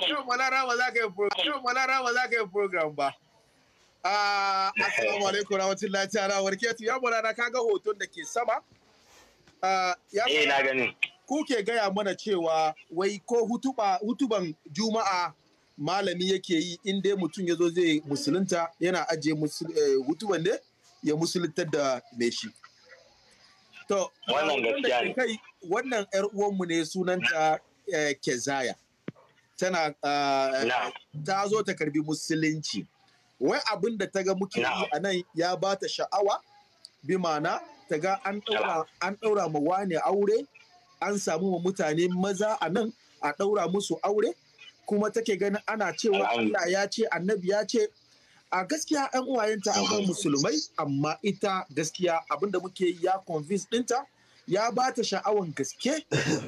Yau ba za hoton da sama? Ah, eh, Kuke gaya mana cewa wai ko hutuban Juma'a malami yake yi in dai mutum ya zo zai musulunta yana ajiye eh, hutuban ne ya musuluntar da mai shi. To, wannan gaskiya ne. Wannan ne sunanta eh, Kezaya. tana ah, ta zo ta karbi musulunci wai abin da ta ga muke yi a nan ya ba ta sha'awa bi mana ta ga an ɗaura ma wane aure an samu ma mutane maza a nan a ɗaura musu aure kuma take ganin ana cewa Allah ya ce annabi ya ce a gaskiya 'yan uwayenta an musulmai amma ita gaskiya abin da muke ya convince ɗinta ya ba ta sha'awan gaske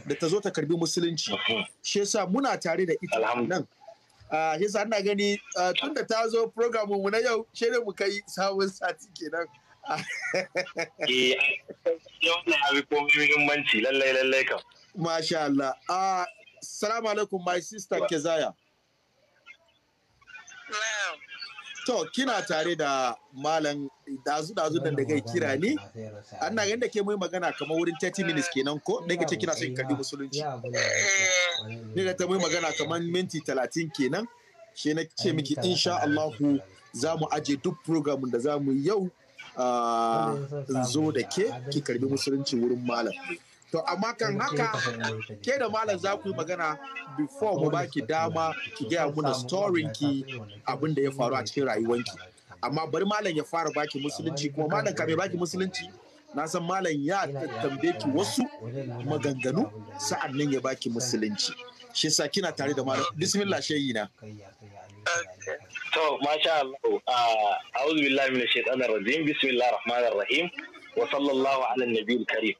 da ta zo ta karbi musulunci shi yasa muna tare da ita nan ah, shi yasa ina gani ah, tun da ta zo programu mu na yau shi ne mu kai sabon sati kenan eh yau na abi komai muhimmanci lallai lallai kam masha Allah assalamu ah, alaikum my sister Kezaya To kina tare da malam dazu-dazu da daga kira ni, ana yadda ke mai magana kamar wurin 30 eh. minutes kenan ko daga ce kina son kalli musulunci. Ni da ta mai magana kamar minti 30 kenan, shi na ce miki insha Allahu za mu aje duk program da za mu yau ah, zo da ke ki karbi musulunci wurin malam. to amma kan haka ke da malam za ku yi magana before mu baki dama ki gaya muna storin ki abin da ya faru a cikin rayuwanki amma bari malam ya fara baki musulunci kuma malam ka mai baki musulunci na san malam ya tambaye ki wasu maganganu sa'an nan ya baki musulunci shi sa kina tare da malam bismillah shayi na eh, to masha Allah ah, a'udhu billahi minash shaitanir rajim bismillahir rahmanir rahim wa sallallahu ala nabiyil karim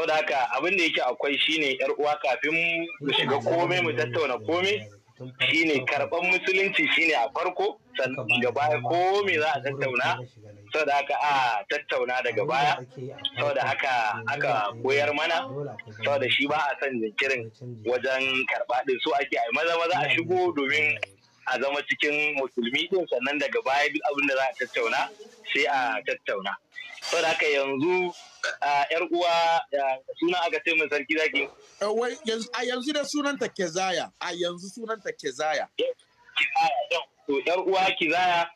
Saboda da haka abin da yake akwai shine yar uwa kafin mu shiga komai mu tattauna komai shine karban musulunci shine a farko daga baya komai za a tattauna sau da haka a tattauna daga baya sau haka aka koyar mana sau da shi ba a son jinkirin wajen karɓa ɗin su ake a maza maza a shigo domin a zama cikin musulmi ɗin sannan daga baya duk abin da za a tattauna sai a tattauna sau haka yanzu yar uwa suna aka ce mai sarki zaki. Eh, a yanzu da sunanta Kezaya, a yanzu sunanta Kezaya. To yar uwa Kezaya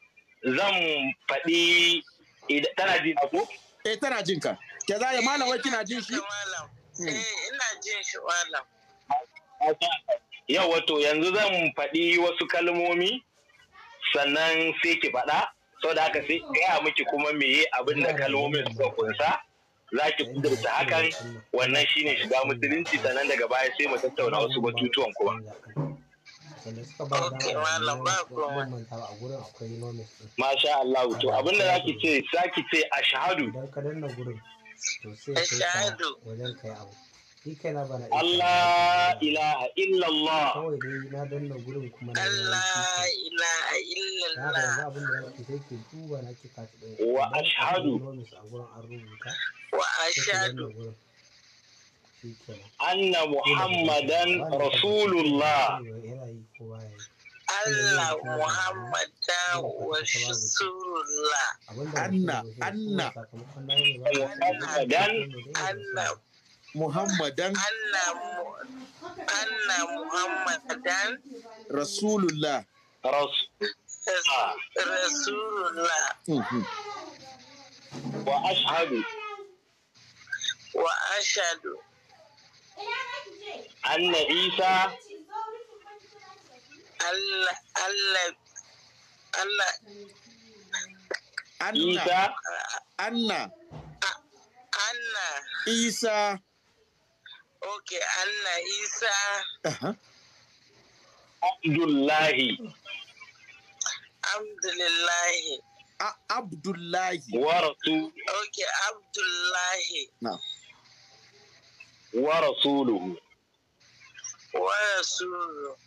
zan faɗi tana jin ko? Eh tana jin ka. Kezaya malam wai kina jin shi? Eh, hmm. eh, ina jin shi malam. Yau wato yanzu zan faɗi wasu kalmomi sannan sai ki faɗa. Sau da aka sai gaya miki kuma meye abin da kalmomin suka kunsa. za ki kudurta hakan wannan shine shiga musulunci sannan daga baya sai mu tattauna wasu batutuwan kuma. Masha Allah to abin da zaki ce zaki ce ashhadu Ashahadu. Wajen kai abu. Allah ilaha illallah. Kawai dai na danna gurin kuma na Allah ilaha illallah. Wa ashhadu. Wa ashhadu. Anna Muhammadan Rasulullah. Allah Muhammadan Rasulullah. Anna Anna Muhammadan muhammadan anna muhammadan rasulullah rasulullah wa ashhadu wa ashhadu anna isa Allah Allah Allah Anna Isa Anna Anna Isa Ok, Anna Isa. Abdullahi. Abdullahi. Abdullahi. Waratu. Ok, Abdullahi. Na. Warasuluhu. Warasuluhu.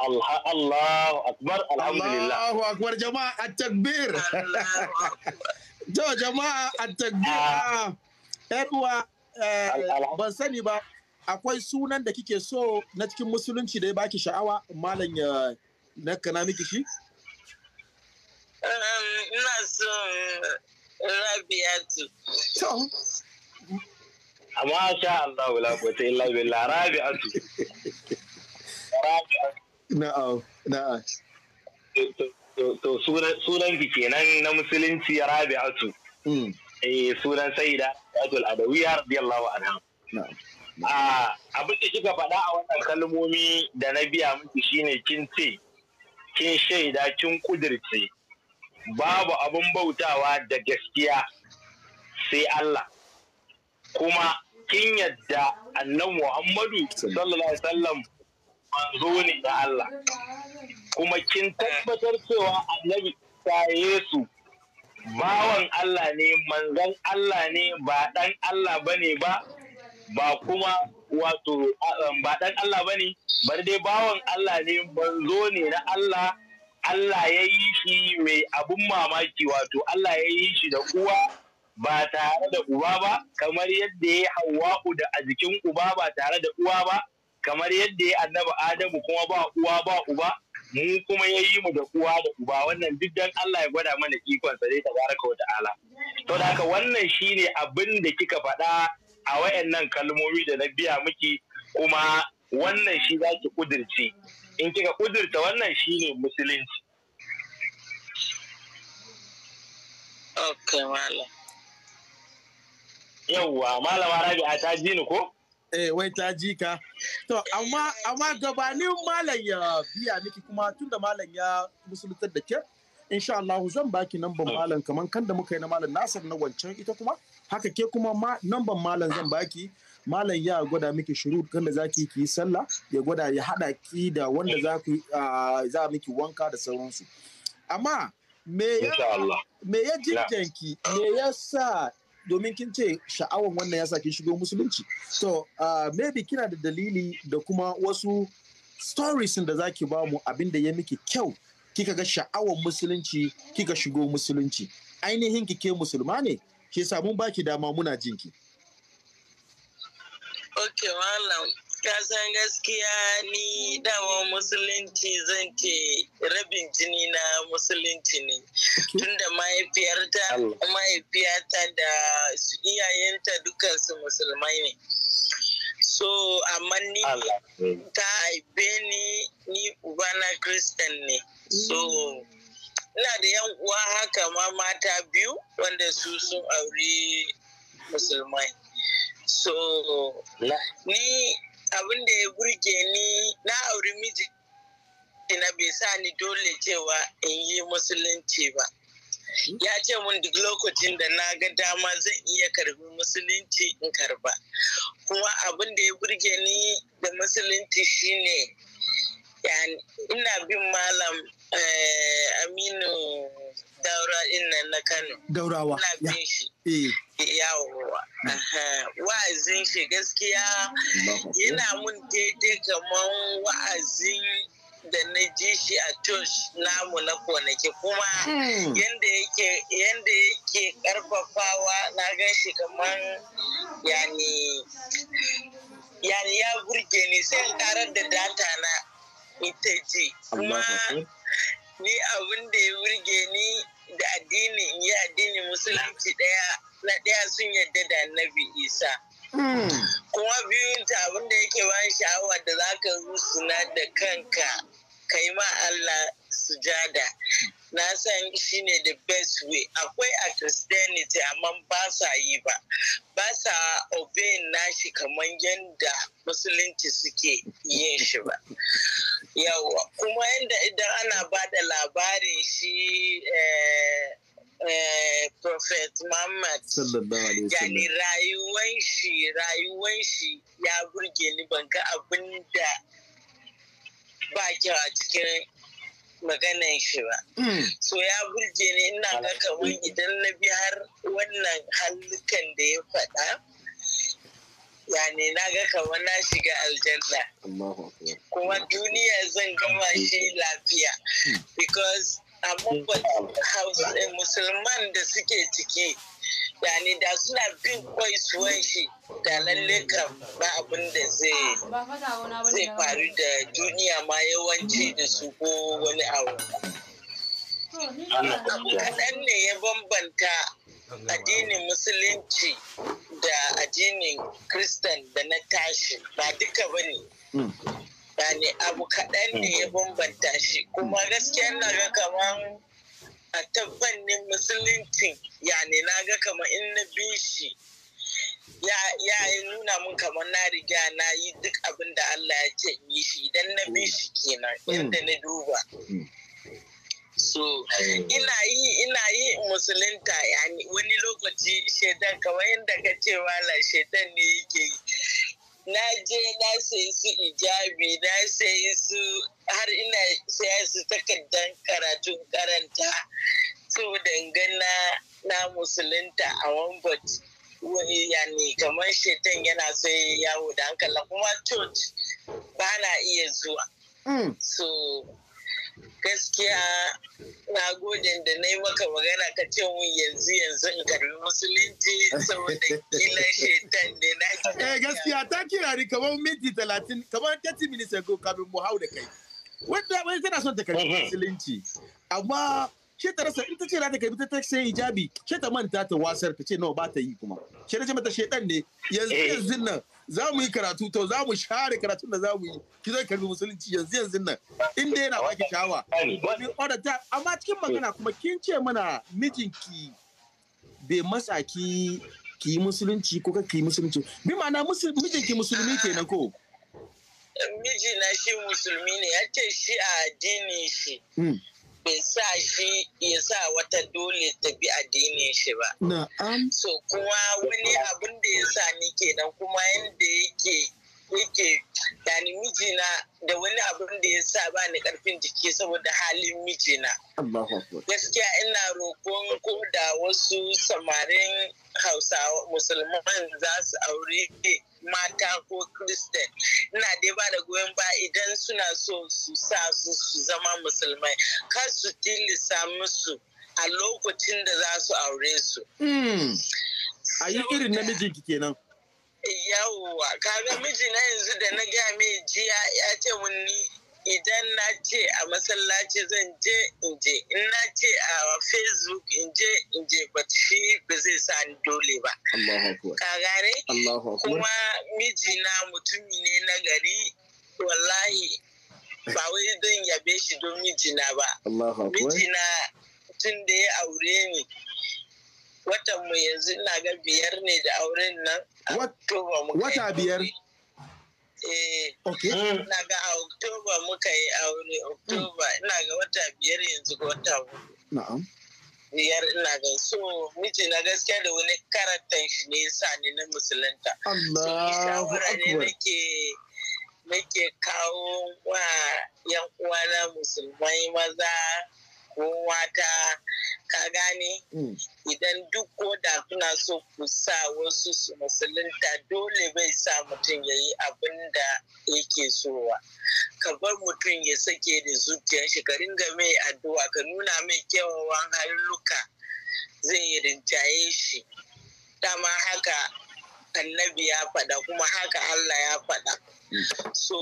Allahu Akbar, Alhamdulillah. Allahu Akbar, jama'a a takbir. To, jama'a a takbir. Ah. Ah. ‘Yan Eh, ban sani ba akwai sunan da kike so na cikin musulunci da ya baki sha'awa malam ya eh, na kana miki shi? Um, ina son eh, Rabiatu. Amma sha Allah wala kwata illa billah Rabiatu. Na'am, na'am. To sunan biki kenan na musulunci Rabiatu. Hmm. Eh sunan da radiyallahu ah, Abin da kika faɗa a wannan kalmomi da na biya miki shine kin ce kin shaida kin kudirce babu abin bautawa da gaskiya sai Allah kuma kin yadda annan Muhammadu sallallahu alaihi wasallam manzo ne da Allah kuma kin tabbatar cewa annabi ta Yesu bawan Allah ne manzon Allah ne ba dan Allah bane ba ba kuma wato um, ba dan Allah bane bari dai bawan Allah ne manzo ne na Allah Allah ya yi shi mai abun mamaki wato Allah ya yi shi da uwa ba tare da uba ba kamar yadda ya hawa'u da a jikin uba ba tare da uwa ba kamar yadda ya annaba adamu kuma ba uwa ba uba mu kuma ya yi mu da uwa da uba wannan duk dan Allah ya gwada mana ikon sa dai tabaraka wa ala. to da haka wannan shine abin da kika faɗa a wayannan kalmomi da na biya miki kuma wannan shi zaki kudirce in kika kudirta wannan shine musulunci Ok, malam. Yawwa, malama Rabi'a ta ji ni ko? eh wai ta ji ka to amma gabanin malam ya biya miki kuma tun da malam ya musulutar da ke insha Allah zan baki namban malam kaman kan da muka yi na malam nasar na wancan ita kuma haka ke kuma namban malam zan baki malam ya gwada miki shiru kan da zaki ki yi sallah ya gwada ya hada ki da wanda za ku ah, za miki wanka da sauransu amma me ya me ya jinjanki me ya sa domin kin ce sha'awan wannan ya kin shigo musulunci so uh, ah, maybe kina da dalili da kuma wasu stories da zaki ba mu abin da ya miki kyau kika ga sha'awan musulunci kika shigo musulunci ainihin ki ke musulma ne ke samun baki dama muna jinki okay kasan gaskiya ni dama musulunci zan ce rabin jini na musulunci ne tunda mahaifiyarta Mahaifiyarta da iyayenta su musulmai ne so amma ni ta haife ni ni ubana christian ne so ina da yan uwa haka ma mata biyu wanda su sun aure musulmai so ni abin da ya burge ni na auri miji na bai sa ni dole cewa in yi musulunci ba ya ce mun duk lokacin da na ga dama zan iya karbi musulunci in karba kuma abin da ya burge ni da musulunci shine ina bin malam Eh, aminu daura ina na kano daurawa na bin shi eh. wa'azin shi gaskiya yana mun daidai kamar wa'azin da na ji shi a tush namu na konaki kuma hmm. yadda yake yake karfafawa na gan shi kamar yani ya burge ni sai karar da data na ita ji kuma ni abin da ya wurge ni da addini in yi addini musulunci daya na daya sun yadda da annabi isa hmm. kuma biyun ta abin da yake ba sha'awa da za ka rusuna da kanka kai ma Allah sujada na san shi ne the best way akwai a christianity amma ba sa yi ba ba sa obeying nashi kamar yadda musulunci suke yin shi ba yawa kuma yadda idan ana ba da labarin shi eh, eh, Prophet Muhammad yani rayuwan shi rayuwan shi ya burge ni ban ga abin da ba kyau a cikin maganan shi ba. Hmm. So ya burge ni ina ga ah. kamar idan na bi har wannan hallukan da ya faɗa. Yani na ga kamar na shiga aljanna. Kuma duniya zan gama shi lafiya. Hmm. Because amma musulman da suke ciki yani da suna bin kwai suwan shi da lalle kam ba abin da zai faru da duniya ma yawanci da su ko wani abu kaɗan ne ya bambanta addinin musulunci da addinin kristan da na tashi ba duka ba ne yani hmm. abu kaɗan ne ya hmm. bambanta shi kuma gaskiya na ga kamar ta fannin musulunci ne na ga kamar in na bi shi ya yi nuna mun kamar na riga na yi duk abin da Allah ya ce yi shi idan na bi shi kenan inda mm. na duba mm. so ina yi ina yi musulunta yani wani lokaci shaidan kamar yadda ka ce wala shaidan ne yake yi na je na sayi su ijabi na sayi su har ina saya su takardar karatun karanta so dangana na musulunta a wambat yani kamar shetan yana sai yawo da hankali kuma church ba na iya zuwa mm. so gaskiya na gode da na yi maka magana ka ce mu yanzu yanzu in karbi musulunci saboda kila shetan ne na eh gaskiya ta kirari kamar minti talatin kamar 30 minutes ago kafin mu hau da kai wanda wai tana son ta karbi mhm. musulunci amma she ta rasa in ta ce za ta karbi ta sai hijabi she ta manta ta wasar ta ce nawa ba ta yi kuma she ta ce mata shedan ne yanzu eh. yanzu nan za mu yi karatu to za mu share karatun da za mu yi ki zai karbi musulunci yanzu yanzu nan in dai yana baki shawa amma cikin magana kuma kin ce mana mijinki bai matsa ki ki musulunci ko ka ki musulunci bi ma'ana mijinki musulmi kenan ko mijina shi musulmi ne ya ce shi a addini shi hmm. bai sa shi ya sa wata dole ta bi addinin shi ba. So kuma wani abin da ya sa ni kenan kuma yadda yake yake yani mijina da wani abin da ya sa ba ni karfin jiki saboda halin mijina. Gaskiya ina roƙon ko da wasu samarin Hausawa musulman za su aure mata ko kristen ina dai ba da goyon ba idan suna so su sa su su zama musulmai kar su tilisa musu a lokacin da za su aure su hmm. a yi irin ki kenan yawwa kaga miji na yanzu da na gaya mai jiya ya ce mun idan na ce a masallaci zan je in je in na ce a facebook in je in je ba shi ba zai sa ni dole ba kagare kuma mijina mutumi ne na gari wallahi ba wai zan yabe shi don mijina ba mijina tun da ya aure ni watan mu yanzu ina ga biyar ne da auren nan wata biyar Eh, ina ga a Oktoba muka yi aure Oktoba ina ga wata biyar yanzu ga wata hudu. Na'am. Biyar ina ga so miji na gaskiya da wani karantan shi ne yasa ni na musulunta. Allah. shawara ne nake nake kawo wa yan uwa na musulmai maza ko mata ka gane mm. idan duk ko da kuna so ku sa wasu su musulunta dole bai sa mutum ya yi abin da yake sowa ka bar mutum ya sake da zuciyar shi ka ringa mai addu'a ka nuna mai kyawawan halluka zai yi rinjaye shi dama haka annabi ya faɗa kuma haka Allah ya faɗa mm. so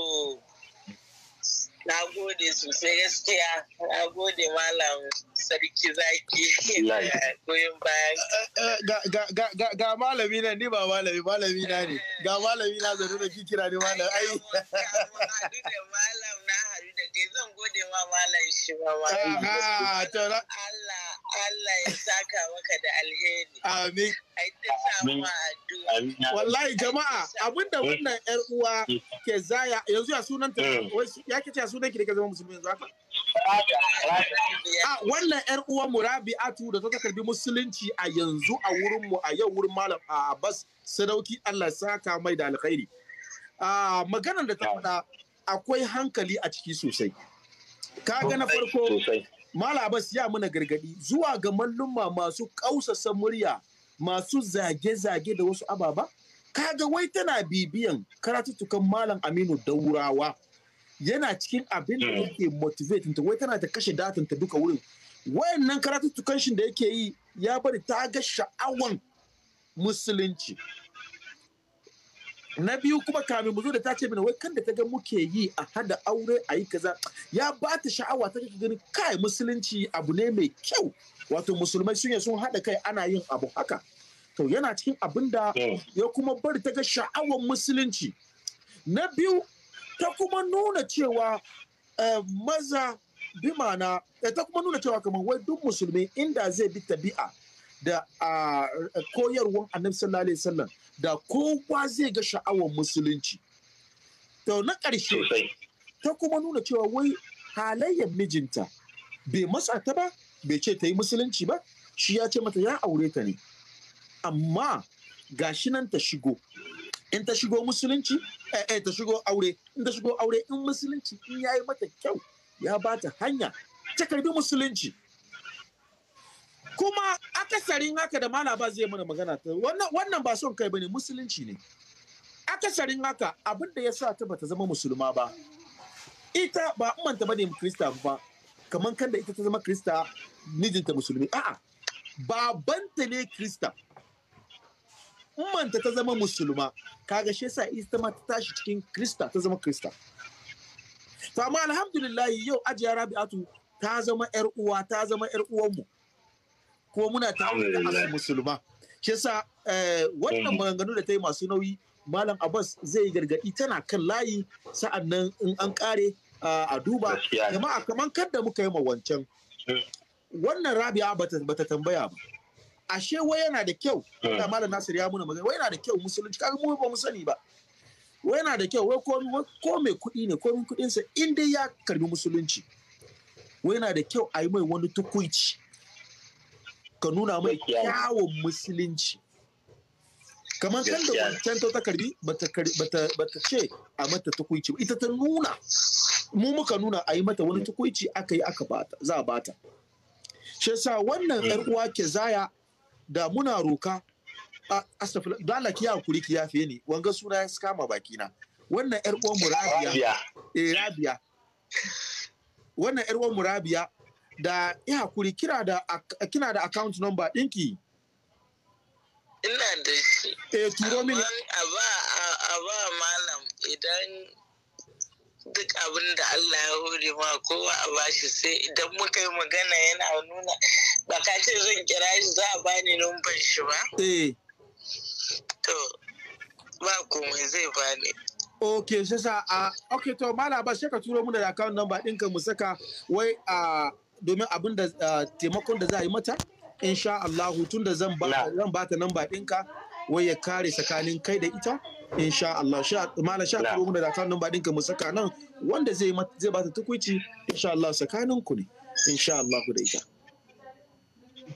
Na gode sosai gaskiya, na gode malam sarki zaki goyon bayan. Eh, eh, ga malami na, ni ba malami, malami na ne. Ga malami na zaune da kikira ne malam. Ai. malami na dai zan gode wa malam shi ma Allah Allah ya saka maka da alheri. Amin. Ai ta samu addu'a. Wallahi jama'a abinda wannan yar uwa ke zaya yanzu ya sunan ta mm. ya ke ce sunan ki da ke zama musulmi yanzu haka. A wannan yar uwa Murabi'atu da ta karbi musulunci a yanzu a wurin mu a yau wurin malam Abbas sadauki Allah saka mai da alkhairi. Ah, maganar da ta faɗa akwai hankali a ciki sosai kaga na farko malabas ya muna gargadi zuwa ga mallumma masu kausasa murya masu zage-zage da wasu ababa Ka ga wai tana bibiyan karatuttukan malam aminu daurawa yana cikin abin da hmm. yake motivating ta wai tana ta kashe datan ta duka wurin wayannan karatuttukan shi da yake yi ya bari ta ga sha'awan musulunci na biyu kuma kamin mu zo da ta ce mana wai kan da ta ga muke yi a hada aure a yi kaza ya ba ta sha'awa ta kake gani kai musulunci abu ne mai kyau wato musulmai sun sun hada kai ana yin abu haka to yana cikin abin da ya kuma bari ta ga sha'awar musulunci na biyu ta kuma nuna cewa eh, maza bi mana eh, ta kuma nuna cewa kamar wai duk musulmi inda zai bi tabi'a da ah, koyarwar annabi sallallahu alaihi wasallam da kowa zai ga sha'awar musulunci to na ƙarshe ta kuma nuna cewa wai halayyar mijinta bai matsa ta ba bai ce ta yi musulunci ba shi ya ce mata ya aure ta ne amma ga shi nan ta shigo in ta shigo musulunci eh, eh, ta shigo aure in ta shigo aure in musulunci in ya yi mata kyau ya ba ta hanya ta karbi musulunci kuma akasarin haka da ba zai mana magana ta wannan ba son kai bane musulunci ne akasarin haka abin da ya sa ta bata zama musulma ba ita ba umanta bane krista ba kamar kan da ita ta zama krista mijinta musulmi a'a babanta ne krista Manta ta zama musulma kaga shi yasa ita ma ta tashi cikin krista ta zama krista to amma alhamdulillah yau ajiya rabi'atu ta zama yar uwa ta zama yar uwanmu mu kuma muna ta hanyar musulma shi yasa eh, wannan maganganu da ta yi masu nauyi malam abbas zai gargadi tana kan layi sa'an nan in an kare a duba jama'a kamar kadda muka yi ma wancan hmm. wannan rabia bata tambaya ba ashe wai yana da kyau hmm. da malam nasir ya muna magana wai yana da kyau musulunci kaga mu ba mu sani ba wai yana da kyau wai ko mai kuɗi ne ko mai kuɗinsa in dai ya karbi musulunci wai yana da kyau a yi mai wani tukuici ka nuna mai kyawun musulunci kamar kan da wancan ta ta karbi bata ce a mata tukuici ita ta nuna mu muka nuna a yi mata wani tukuici aka yi aka bata za a bata shi sa wannan yar mm. uwa ke zaya da muna roka a astafila dala ki kuri ki fiye ni wanga suna ya kama baki na wannan yar uwan mu eh rabiya wannan yar uwan mu da ya hakuri kira da kina da account number ɗinki. Ina da shi. Eh turo mini. A ba a ba malam idan duk abin da Allah ya hore ma kowa a bashi sai idan muka yi magana yana nuna ba ka ce zan kira shi za a bani numban shi ba. Eh. To ba komai zai bani. Ok, sai sa a, ah, ok, to, Malam Abbas, sai ka turo mu da account number ɗinka mu saka wai a ah, domin abin da ah, taimakon da za a yi mata insha Allah tun da zan ba ta namba ɗinka wai ya kare tsakanin kai da ita insha Allah sha mala sha turo mu da data namba ɗinka mu saka nan wanda zai zai ba ta tukuici insha Allah tsakanin ku ne insha Allah da ita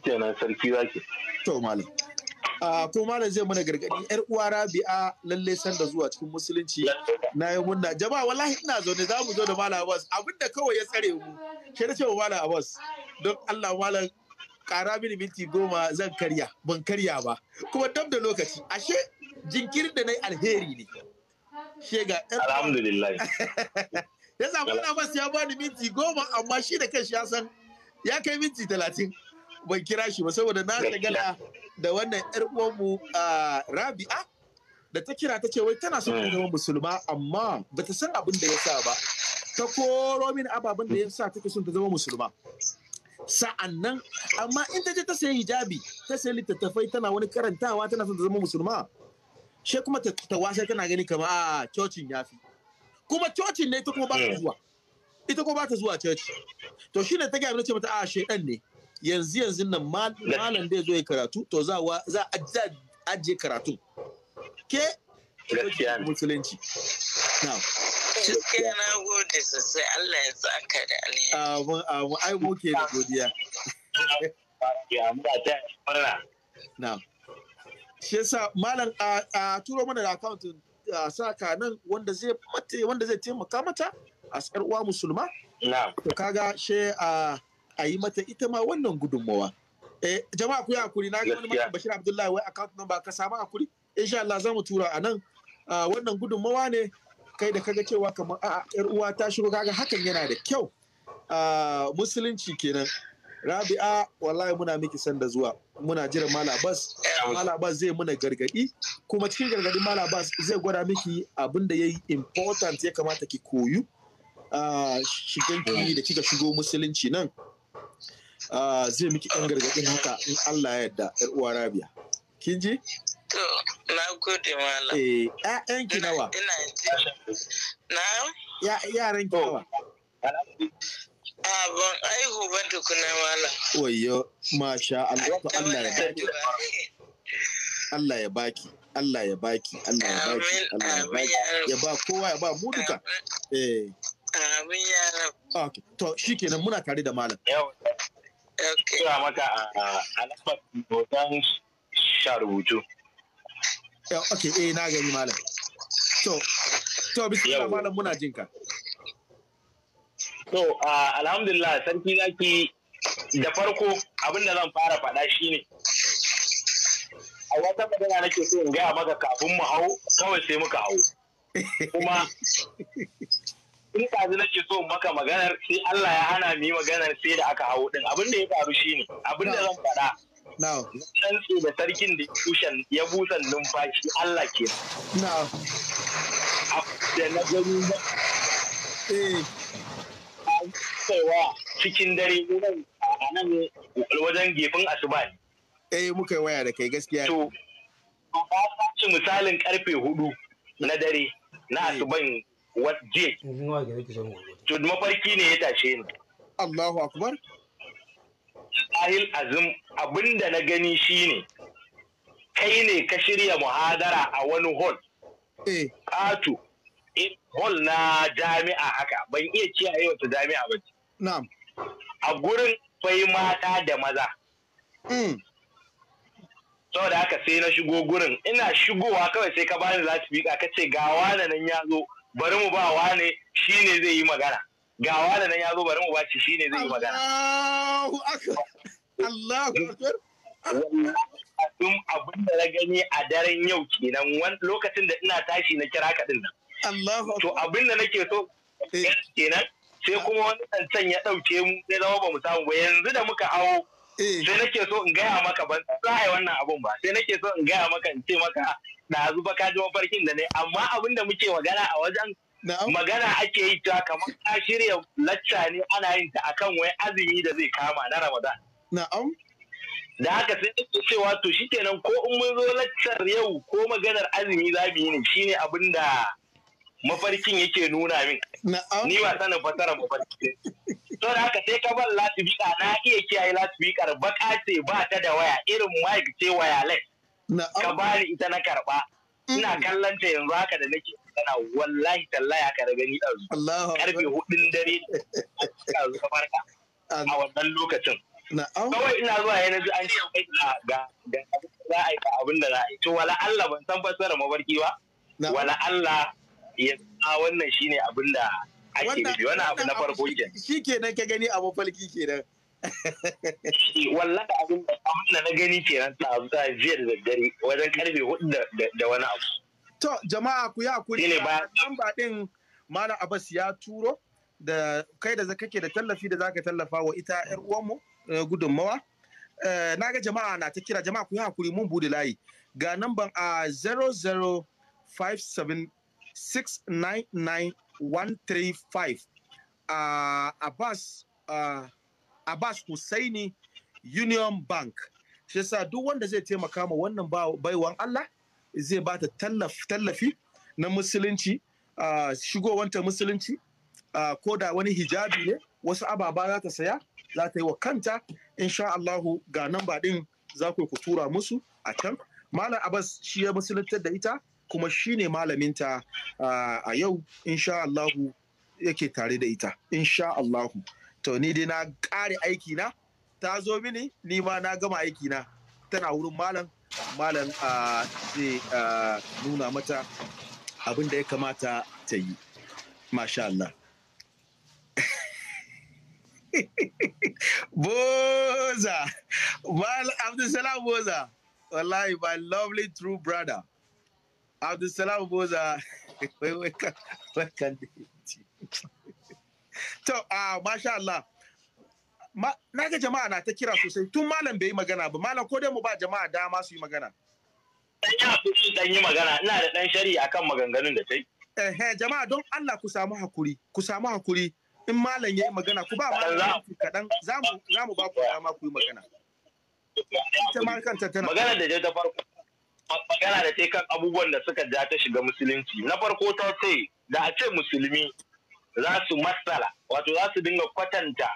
kenan sarki zaki to malam ko malam zai mana gargadi yar uwa Rabi'a lalle sanda zuwa cikin musulunci na yi munna jama'a wallahi ina zaune za mu zo da malam Abbas abinda kawai ya tsare mu shi na cewa malam Abbas don Allah malam kara mini minti goma zan karya ban karya ba kuma dab da lokaci ashe jinkirin da na yi alheri ne shega alhamdulillah ya samu Abbas ya bani minti goma amma shi da kanshi ya san ya kai minti talatin ban kira shi ba saboda na shagala da wannan yar uwanmu Rabi'a da ta kira ta ce wai tana son ta hmm. zama musulma amma ba ta san abin da ya sa ba ta koro min ababen da ya sa take son ta zama musulma sa'annan amma in ta je ta sayi hijabi ta sayi littattafai tana wani karantawa tana son ta zama musulma she kuma ta washe tana gani kamar a cocin fi. kuma cocin ne ita kuma ba ta hmm. zuwa ita kuma ba ta zuwa coci to shine ta gaya mata ce mata a shedan ne yanzu yanzu nan malam da zo ya karatu to za a ajiye karatu ke musulunci na na gode sosai Allah ya tsaka da alheri amin ai muke da godiya na shi yasa malam a turo mana da akawuntin saka nan wanda zai wanda zai taimaka mata a uwa musulma Na. to kaga she a a yi mata ita ma wannan gudunmawa. Eh, jama'a ku yi hakuri na ga wani malam Bashir Abdullahi wai account number ka samu hakuri insha Allah za mu tura a nan wannan gudunmawa ne kai da kaga cewa kamar a'a yar uwa ta shigo kaga hakan yana da kyau musulunci kenan Rabi'a wallahi muna miki sanda zuwa muna jiran Malabas Malabas zai muna gargadi kuma cikin gargadin Malabas zai gwada miki abin da yayi important ya kamata ki koyu shigan ki da kika shigo musulunci nan zai miki ɗan gargaɗin haka in Allah ya yarda ‘yar uwa Rabia. Kin ji? To, na gode malam. Eh, ‘ya'yan ki nawa? Ina ji. Na? Ya, yaran ki nawa? A ban aihu ban tukuna malam. Wayo, masha Allah, Allah ya baki. Allah ya baki. Allah ya baki, Allah ya baki, Allah ya baki, ya ba kowa ya ba mu duka. Eh. Amin ya rabu. Okay, to shikenan muna tare da malam. Yawa. maka a ah, alamar hoton sha rubutu. Ok, eh na gani malam. To, to bismillah malam muna jinka. ka. To, ah, alhamdulillah sarki zaki da farko abinda zan fara faɗa ne. a wata magana nake so in gaya maka kafin mu hau kawai sai muka hau kuma in ɗazu nake so maka maganar sai Allah ya hana mu maganar sai da aka hau din abin da ya faru shine abin da zan faɗa Now. Santsi da sarkin da tushen ya busan numfashi Allah ke. Now. Da na gani na. Eh. wa cikin dare a nan wajen gefen asuba ne. Eh muka waya da kai gaskiya. To, ba ci misalin karfe hudu na dare na asuban wat je to mafarki ne ya tashe ni Allahu akbar ahil azim abinda na gani shine kai ne ka shirya muhadara a wani hall eh. Katu. Eh, hall na jami'a haka ban iya ce a wata jami'a ba na'am a gurin fai mata da maza mm. saboda haka sai na shigo gurin ina shigowa kawai sai ka bani lati ka ce ga wani nan ya zo bari mu ba wane shine zai yi magana ga wane nan ya zo bari mu ba shi shine zai yi magana Allahu akbar abin da na gani a daren yau kenan wani lokacin da ina tashi na kira ka din nan Allahu to abin da nake so eh. kenan sai kuma wani tantan ya ɗauke mu sai zama ba mu samu ba yanzu da muka hawo Eh. sai nake so in gaya maka ba za a yi wannan abun ba sai nake so in gaya maka in ce maka ɗazu ba ka ji mafarkin da ne amma abin da muke magana a wajen magana ake yi ta kamar ta shirya lacca ne ana yin ta akan wai azumi da zai kama na ramadan na'am da haka sai nake cewa to shikenan ko in mun zo laccar yau ko maganar azumi za mu yi ne shine abin da mafarkin yake nuna min ni ba sanin fasara mafarki to da haka sai ka bar lasifika na iya kiyaye lasifikar baka ce ba ta da waya irin mic ce wireless ka bani ita na karba mm. ina kallon ta yanzu haka da nake tana wallahi tallaya ka daga ni ɗazu karfe hudun dare ɗazu ka farka a wannan lokacin kawai ina zuwa yana ji an ce ga za a yi abin da za a yi to wala Allah ban san fasara mafarki ba wala Allah Yanzu. Ah, wannan shine abin da ake nufi wannan abu na farko ke shi kenan ka gani abu a mafarki kenan wallahi abin da abin da na gani kenan ta abu da jiyar da daddare wajen karfe hudu da wani abu to jama'a ku yi hakuri ba din malam abbas ya turo da kai da kake da tallafi da zaka tallafa wa ita yar uwanmu eh, gudunmawa eh, na ga jama'a na ta kira jama'a ku yi hakuri mun bude layi ga namban a ah, 0057 699-135 uh, ah, Abbas, uh, Abbas Hussaini Union Bank. Shi yasa duk wanda zai taimaka ma wannan baiwan Allah zai ba ta tallafi na musulunci, uh, ah, shigowanta musulunci, uh, ko da wani hijabi ne, wasu ababa za ta saya, za ta yi wa kanta, insha Allahu ga nan ba ɗin za ku tura musu a can. Malam Abbas shi ya musulunta da ita kuma shi ne malaminta ah, a yau insha Allahu yake tare da ita insha Allahu to ni dai na ƙare aiki na ta zo mini ni ma na gama aiki na tana wurin malam malam ah, zai ah, nuna mata abin da ya kamata ta yi masha Allah Boza, Abdul Abdulsalam Boza, wallahi my lovely true brother. Abdulsalam Boza wai wai kan To a ah, masha Allah na ga jama'a na ta kira sosai tun malam bai yi magana ba malam ko dai mu ba jama'a dama su yi magana. Dan ya kuɗi dan yi magana ina da dan shari akan maganganun da ta yi. Eh jama'a don Allah ku samu hakuri ku samu hakuri in malam ya yi magana ku ba malam kaɗan za mu ba ku dama ku yi magana. Ita ma kanta tana. Magana da ta farko. magana da ta kan abubuwan da suka ja ta shiga musulunci na farko ta ce da a ce musulmi za su matsala wato za su dinga kwatanta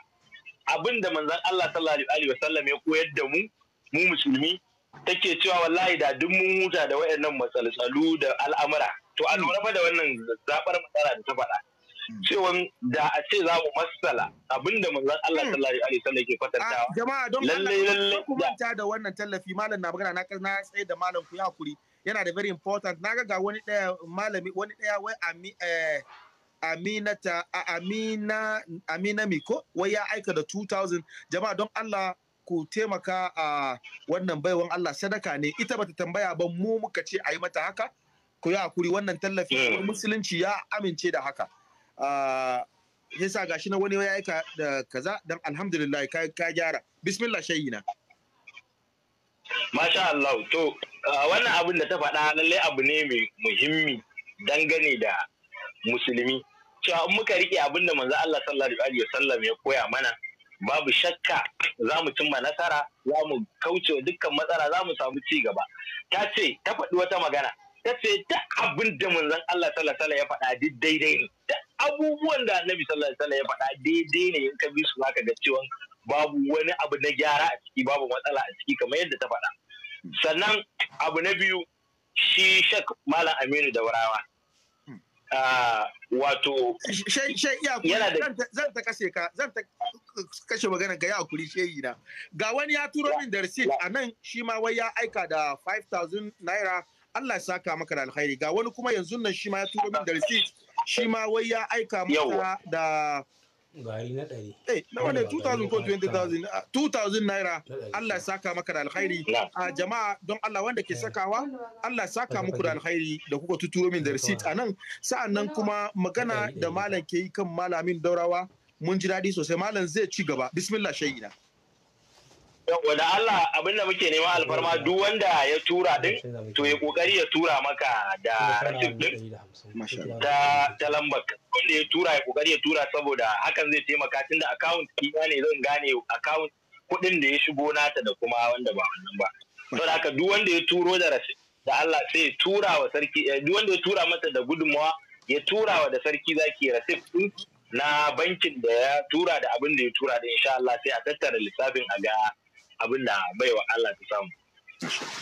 abin da manzon Allah sallallahu alaihi wasallam ya koyar da mu mu musulmi take cewa wallahi da duk mun huta da waɗannan matsalatsalu da al'amura to a lura fa da wannan zaɓar matsala da ta faɗa cewan da a ce za mu matsala abinda manzon Allah hmm. sallallahu alaihi wasallam ke kwatantawa ah, jama'a don Allah lalle ku manta da wannan tallafi malam na magana na na tsaye da malam ku hakuri yana da very important naga ga wani daya malami wani daya wai ami eh Aminata Amina Amina Miko wai ya aika da 2000 jama'a don Allah ku taimaka a wannan baiwan Allah sadaka ne ita bata tambaya ba mu muka ce a yi mata haka ku yi hakuri wannan tallafi hmm. musulunci ya amince da haka Ah, yasa gashi na wani ya aika kaza dan alhamdulillah ka gyara bismillah shayyina Masha Allah, to ah, wannan abin da ta faɗa lallai abu ne mai muhimmi dangane da musulmi. Cewa in muka rike abin da manzo Allah sallallahu alaihi wasallam ya koya mana, babu shakka za mu cimma nasara, za mu kauce dukkan matsala, za mu samu ci gaba. Ta ce ta faɗi wata magana, ta ce duk abin da manzon Allah sallallahu alaihi ya faɗa daidai ne duk abubuwan da annabi sallallahu alaihi ya faɗa daidai ne in ka bi su zaka ga cewa babu wani abu na gyara a ciki babu matsala a ciki kamar yadda ta faɗa sannan abu na biyu shi shak malam aminu hmm. ah, da warawa wato zan ta kashe ka zan ta kashe magana ga ya kuri shehi na ga wani ya turo min da receipt a nan shi ma wai ya aika da 5000 naira Allah ya saka maka da alkhairi ga wani kuma yanzu nan shi ma ya turo min da receipt shi ma wai ya aika maka da gari na ɗari. Eh, na wani 2,000 2,000 naira Allah ya saka maka da alkhairi. A ah, jama'a don Allah wanda ke sakawa, Allah ya saka muku da alkhairi da kuka tuturo min da receipt a nan. Sa'an nan kuma magana da malam ke yi kan malamin daurawa mun ji daɗi sosai malam zai ci gaba. Bismillah shayyina. wanda Allah abinda muke nema alfarma duk wanda ya tura din to ya kokari ya tura maka da rasid din ta ta lambar wanda ya tura ya kokari ya tura saboda hakan zai taimaka tunda account kina ne zan gane account kuɗin da ya shigo nata da kuma wanda ba wannan ba saboda haka duk wanda ya turo da rasid da Allah sai ya tura wa sarki eh, duk wanda ya tura mata da gudunmawa ya tura wa da sarki zaki rasid din na bankin da ya tura da abin da ya tura da insha Allah sai a tattara lissafin a ga abin da bai wa Allah ta samu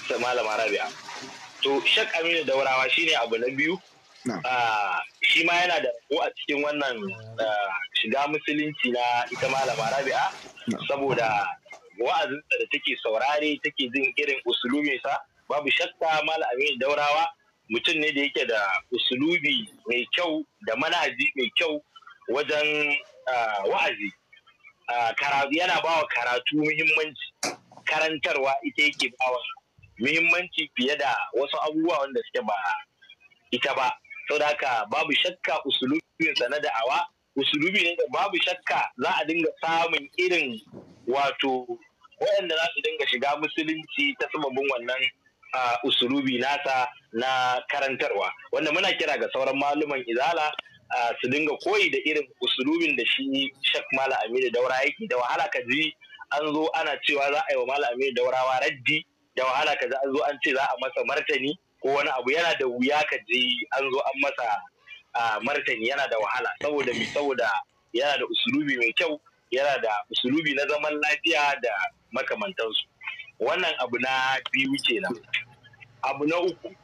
sai malama rabi'a to shak aminu daurawa shine abu na biyu ah, shi ma yana da ko a cikin wannan ah, shiga musulunci na ita malama rabi'a saboda wa'azin da take saurare take jin irin usulumin sa babu shakka malam aminu daurawa mutum ne da yake da usulubi mai kyau da manaji mai kyau wajen ah, wa'azi yana ba wa karatu muhimmanci karantarwa ita yake ba wa muhimmanci fiye da wasu abubuwa wanda suke ba ita ba sau da haka babu shakka usulubinsa na da'awa usulubi ne da babu shakka za a dinga samun irin wato waɗanda za su dinga shiga musulunci ta sababin wannan usulubi nasa na karantarwa wanda muna kira ga sauran maluman izala su dinga koyi da irin usulubin da shi shak mala aminu daura yake da wahala ka ji an zo ana cewa za a yi wa mala daura daurawa raddi da wahala ka ji an zo an ce za a masa martani ko wani abu yana da wuya ka ji an zo an masa martani yana da wahala saboda mi saboda yana da usulubi mai kyau yana da usulubi na zaman lafiya da makamantansu wannan abu na biyu kenan abu na uku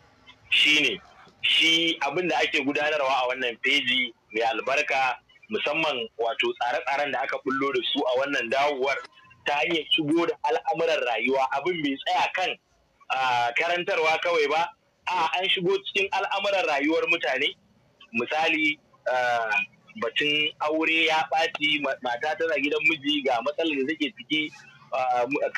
shine shi abin da ake gudanarwa a wannan feji mai albarka musamman wato tsare-tsaren da aka bullo da su a wannan dawowar ta hanyar shigo da al'amuran rayuwa abin bai tsaya kan karantarwa kawai ba a an shigo cikin al'amuran rayuwar mutane misali batun aure ya ɓaci mata tana gidan miji ga matsalar da take ciki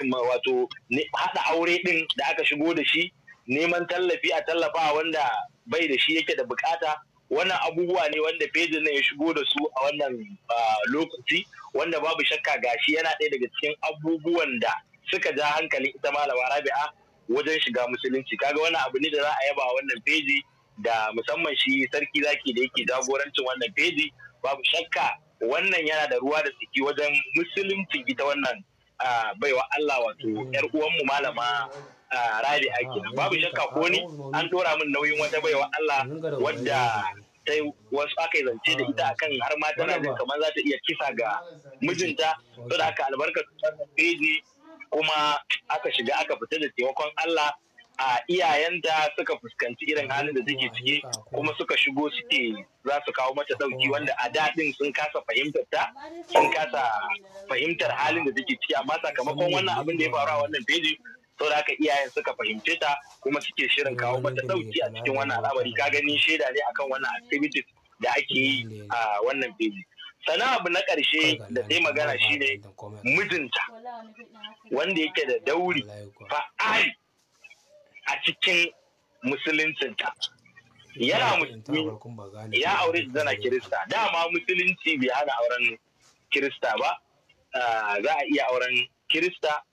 wato haɗa aure ɗin da aka shigo da shi neman tallafi a tallafa wanda bai da shi yake da bukata wannan abubuwa ne wanda fejin nan ya shigo da su a wannan lokaci wanda babu shakka gashi yana ɗaya daga cikin abubuwan da suka ja hankalin ita malama rabi'a wajen shiga musulunci kaga wannan abu ne da za a yaba wannan feji da musamman shi sarki zaki da yake jagorancin wannan feji babu shakka wannan yana da ruwa da tsaki wajen musulunci ita wannan baiwa Allah wato yar uwanmu malama rabi a kenan ah, babu shakka ko ni an dora min nauyin wata baiwa Allah wadda ta wasu aka yi zance da ita ah. akan har ma tana jin kamar za ta iya kisa ga mijinta to da aka albarka tsarin kuma aka shiga aka fita da taimakon Allah a iyayenta suka fuskanci irin halin da take ciki kuma suka shigo suke za su kawo mata dauki wanda a daɗin sun kasa fahimtar ta sun kasa fahimtar halin da take ciki amma sakamakon wannan abin da ya faru a wannan feji sau da haka iyayen suka fahimce ta kuma suke shirin kawo mata dauki a cikin wannan al'amari ka gani shaida ne akan wannan activities da ake yi a wannan fili sana abu na ƙarshe da sai magana shine mijinta wanda yake da dauri fa'ali a cikin musuluncinta yana musulmi ya aure zana kirista dama musulunci bai hana auren kirista ba ah, za a iya auren kirista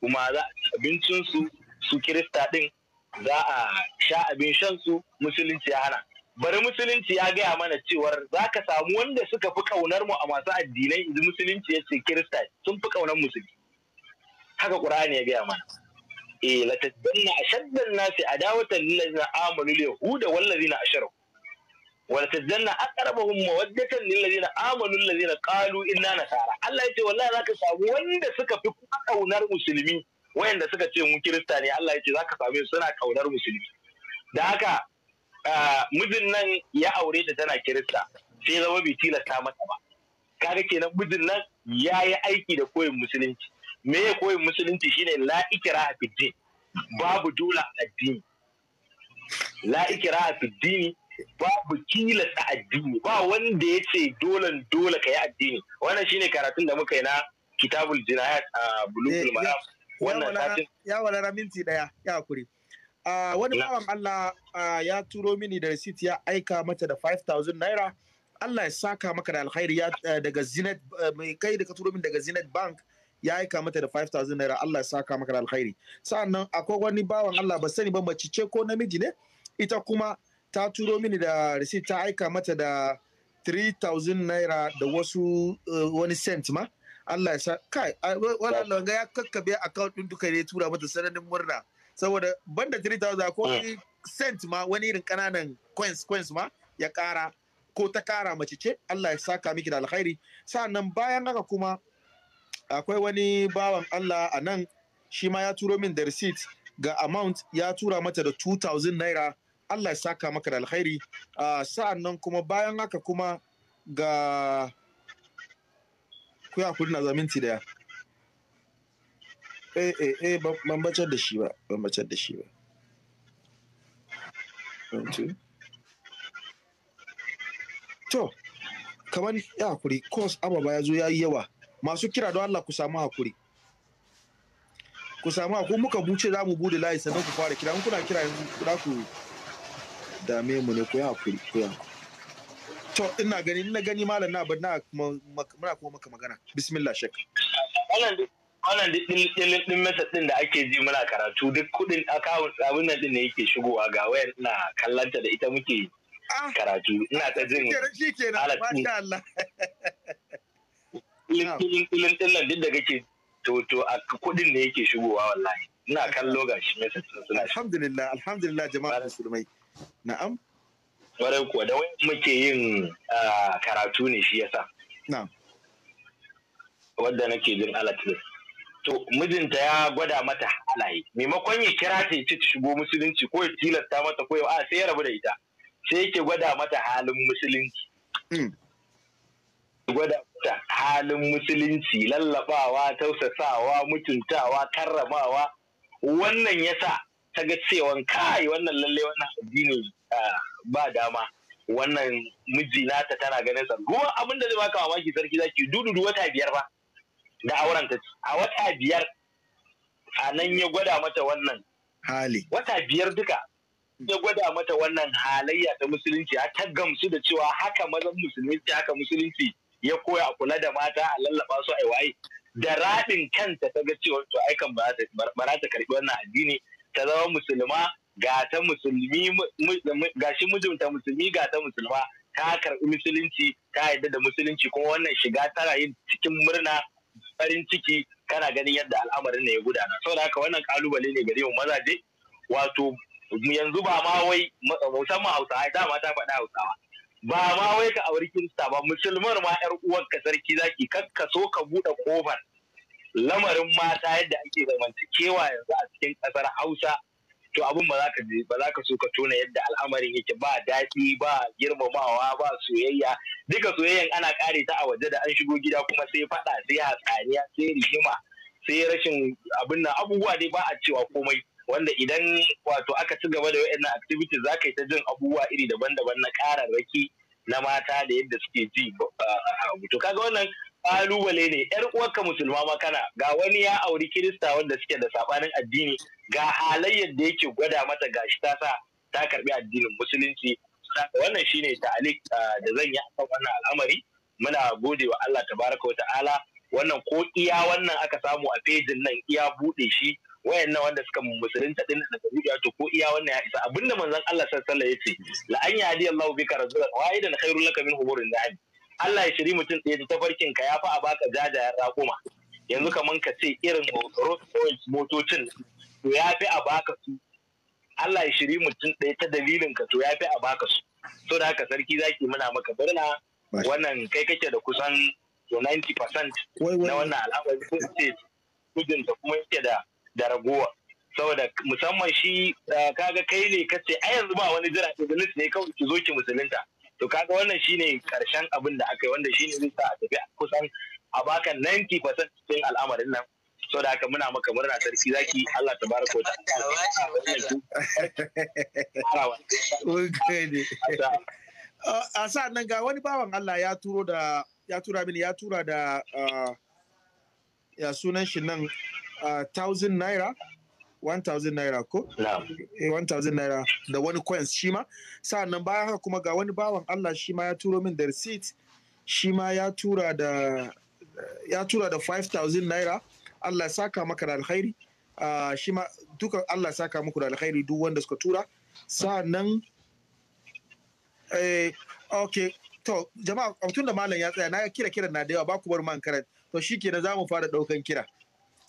kuma za abincinsu su kirista ɗin za a sha abin shansu musulunci ya hana bari musulunci ya gaya mana cewar za ka samu wanda suka fi ƙaunar mu a masu addinai idan musulunci ya ce kirista sun fi ƙaunar musulmi haka ƙur'ani ya gaya mana eh la a ashaddan nasi adawatan dawatan ladina amanu yahuda wallazi na ashraku walatajanna aqrabahum mawaddatan lil ladina amanu lil ladina qalu inna nasara Allah yace wallahi zaka samu wanda suka fi kaunar musulmi wayanda suka ce mu kirista ne Allah yace zaka same su suna kaunar musulmi da haka mijin nan ya aure ta tana kirista sai zama bai tilasta mata ba kaga kenan mijin nan ya yi aiki da koyin musulunci me ya koyin musulunci shine la ikra a babu dola addini la a babu kilasta addini ba wanda ya ce dolan dole ka yi addini wannan shine karatun da muka yi na kitabul jinayat a bulugul eh, maram wannan ya wala minti daya ya hakuri wani bawan Allah ya turo mini da receipt ya aika mata da 5000 naira Allah ya saka maka da alkhairi eh, daga Zinet. Eh, mai kai da ka turo min daga Zinet Bank ya aika mata da 5000 naira Allah ya saka maka da alkhairi sa'annan akwai wani bawan Allah ba sani ba mace ce ko namiji ne ita kuma ta turo mini da receipt ta aika mata da 3000 naira da wasu eh, wani cent ma Allah ya sa kai wannan langa ya kakkabe account din duka ne tura mata sanannin murna saboda banda 3000 ko mm. cent ma wani irin kananan coins coins ma ya kara ko ta kara mace ce Allah ya saka miki da alkhairi sannan bayan haka kuma akwai wani bawan Allah a nan shi ma ya turo min da receipt ga amount ya tura mata da 2000 naira Allah ya saka maka da alkhairi ah, sa'an nan kuma bayan haka kuma ga kuya kudi na zaminti daya eh eh eh ban da shi ba ban da shi ba to kamar ya hakuri course ababa ya zo ya yi yawa masu kira don Allah ku samu hakuri ku samu hakuri muka buce za mu bude layi sannan ku fara kira in kuna kira yanzu ku dame mu ne ko ya hakuri ya to ina gani ina gani malam na na muna kuma maka magana bismillah shek wannan din din din din da ake ji muna karatu duk kudin account abin nan din ne yake shigowa ga wayar na kallanta da ita muke ah, karatu ina ta jin shikenan masha Allah ilin ilin din nan duk da kake to to a kudin ne yake shigowa wallahi ina kallo gashi message suna alhamdulillah alhamdulillah jama'a musulmai Na'am. Warai kuwa da wani muke yin karatu ne shi yasa. Na'am. Wadda nake jin alatin. To mijinta ya gwada mata halaye. Maimakon ya kira ta ya ce ta shigo musulunci ko ya tilasta mata ko a sai ya rabu da ita. Sai yake gwada mata halin musulunci. Hmm. Gwada mata halin musulunci lallabawa tausasawa mutuntawa karramawa wannan yasa ta ga cewa kai wannan lalle wannan addini ba dama wannan miji nata tana ganin sa kuma abin da zai baka mamaki sarki zaki dududu wata biyar ba da auren ta a wata biyar a nan ya gwada mata wannan hali wata biyar duka ya gwada mata wannan halayya ta musulunci a ta gamsu da cewa haka mazan musulunci haka musulunci ya koya a kula da mata a lallaba su a waye da raɗin kanta ta ga cewa to aikan ba za ta karɓi wannan addini ta zama musulma ga ta musulmi ga shi mijinta musulmi ga ta musulma ta karɓi musulunci ta yadda da musulunci kuma wannan shiga tana yin cikin murna farin ciki kana ganin yadda al'amarin ne ya gudana saboda haka wannan kalubale ne gare mu mazaje wato yanzu ba ma wai musamman hausawa dama ta faɗa hausawa ba ma wai ka auri kirista ba musulmar ma yar ka sarki zaki kakka so ka buɗe kofar lamarin mata yadda ake zamantakewa yanzu a cikin ƙasar Hausa to abin ba za ka ba za ka so ka tona yadda al'amarin yake ba daɗi ba girmamawa ba soyayya duka soyayyan ana kare ta a waje da an shigo gida kuma sai faɗa sai hatsaniya sai rihima, sai rashin abin nan abubuwa dai ba a cewa komai wanda idan wato aka ci gaba da wayannan activities za ka yi ta jin abubuwa iri daban-daban na ƙararraki na mata da yadda suke ji to kaga wannan kalubale ne yar uwarka musulma ma kana ga wani ya auri kirista wanda suke da sabanin addini ga halayyar da yake gwada mata gashi ta sa ta karbi addinin musulunci wannan shine ta'alik ah, da zan yi akan wannan al'amari muna gode wa Allah tabaraka wa ta'ala wannan ko iya wannan aka samu a fejin nan iya bude shi wayannan wanda suka musulunta din da rubuta to ko iya wannan ya isa abinda manzon Allah sallallahu alaihi wasallam yace la an yahdi Allahu bika rajulan wahidan khairul laka min humurin da'i Allah ya shiri mutum ɗaya da tafarkin ka ya fi a baka jajayen rakuma yanzu kamar ka ce irin road motocin to ya fi a baka su Allah ya shiri mutum ɗaya ta dalilin ka to ya fi a baka su so da haka sarki zaki muna maka birna wannan kai kake da kusan 90% na wannan al'amari ko ce gudun da kuma yake da da ragowa saboda musamman shi eh, kaga kai ne kace a yanzu ba wani jira ne kawai ki zo ki musulunta to kaga wannan shine karshen abin da aka yi wanda shine zai sa a tafi kusan a baka 90% cikin al'amarin nan so da haka muna maka murna sarki zaki Allah ta baraka wa ta'ala a nan ga wani bawan Allah ya turo da ya tura mini ya tura da ah, ya sunan shi nan 1000 ah, naira 1000 naira ko? Na'am. 1000 eh, naira da wani coins shi ma. Sa'annan bayan haka kuma ga wani bawan Allah shi ma ya turo min da receipt shi ma ya tura da ya tura da 5000 naira. Allah ya saka maka da alkhairi. Uh, shi ma duka Allah saka muku da alkhairi duk wanda suka tura. Sa'annan eh okay to jama'a tun da malam ya tsaya na kira kira na da yawa ba ku bar man karanta. To shi kenan za mu fara ɗaukan kira.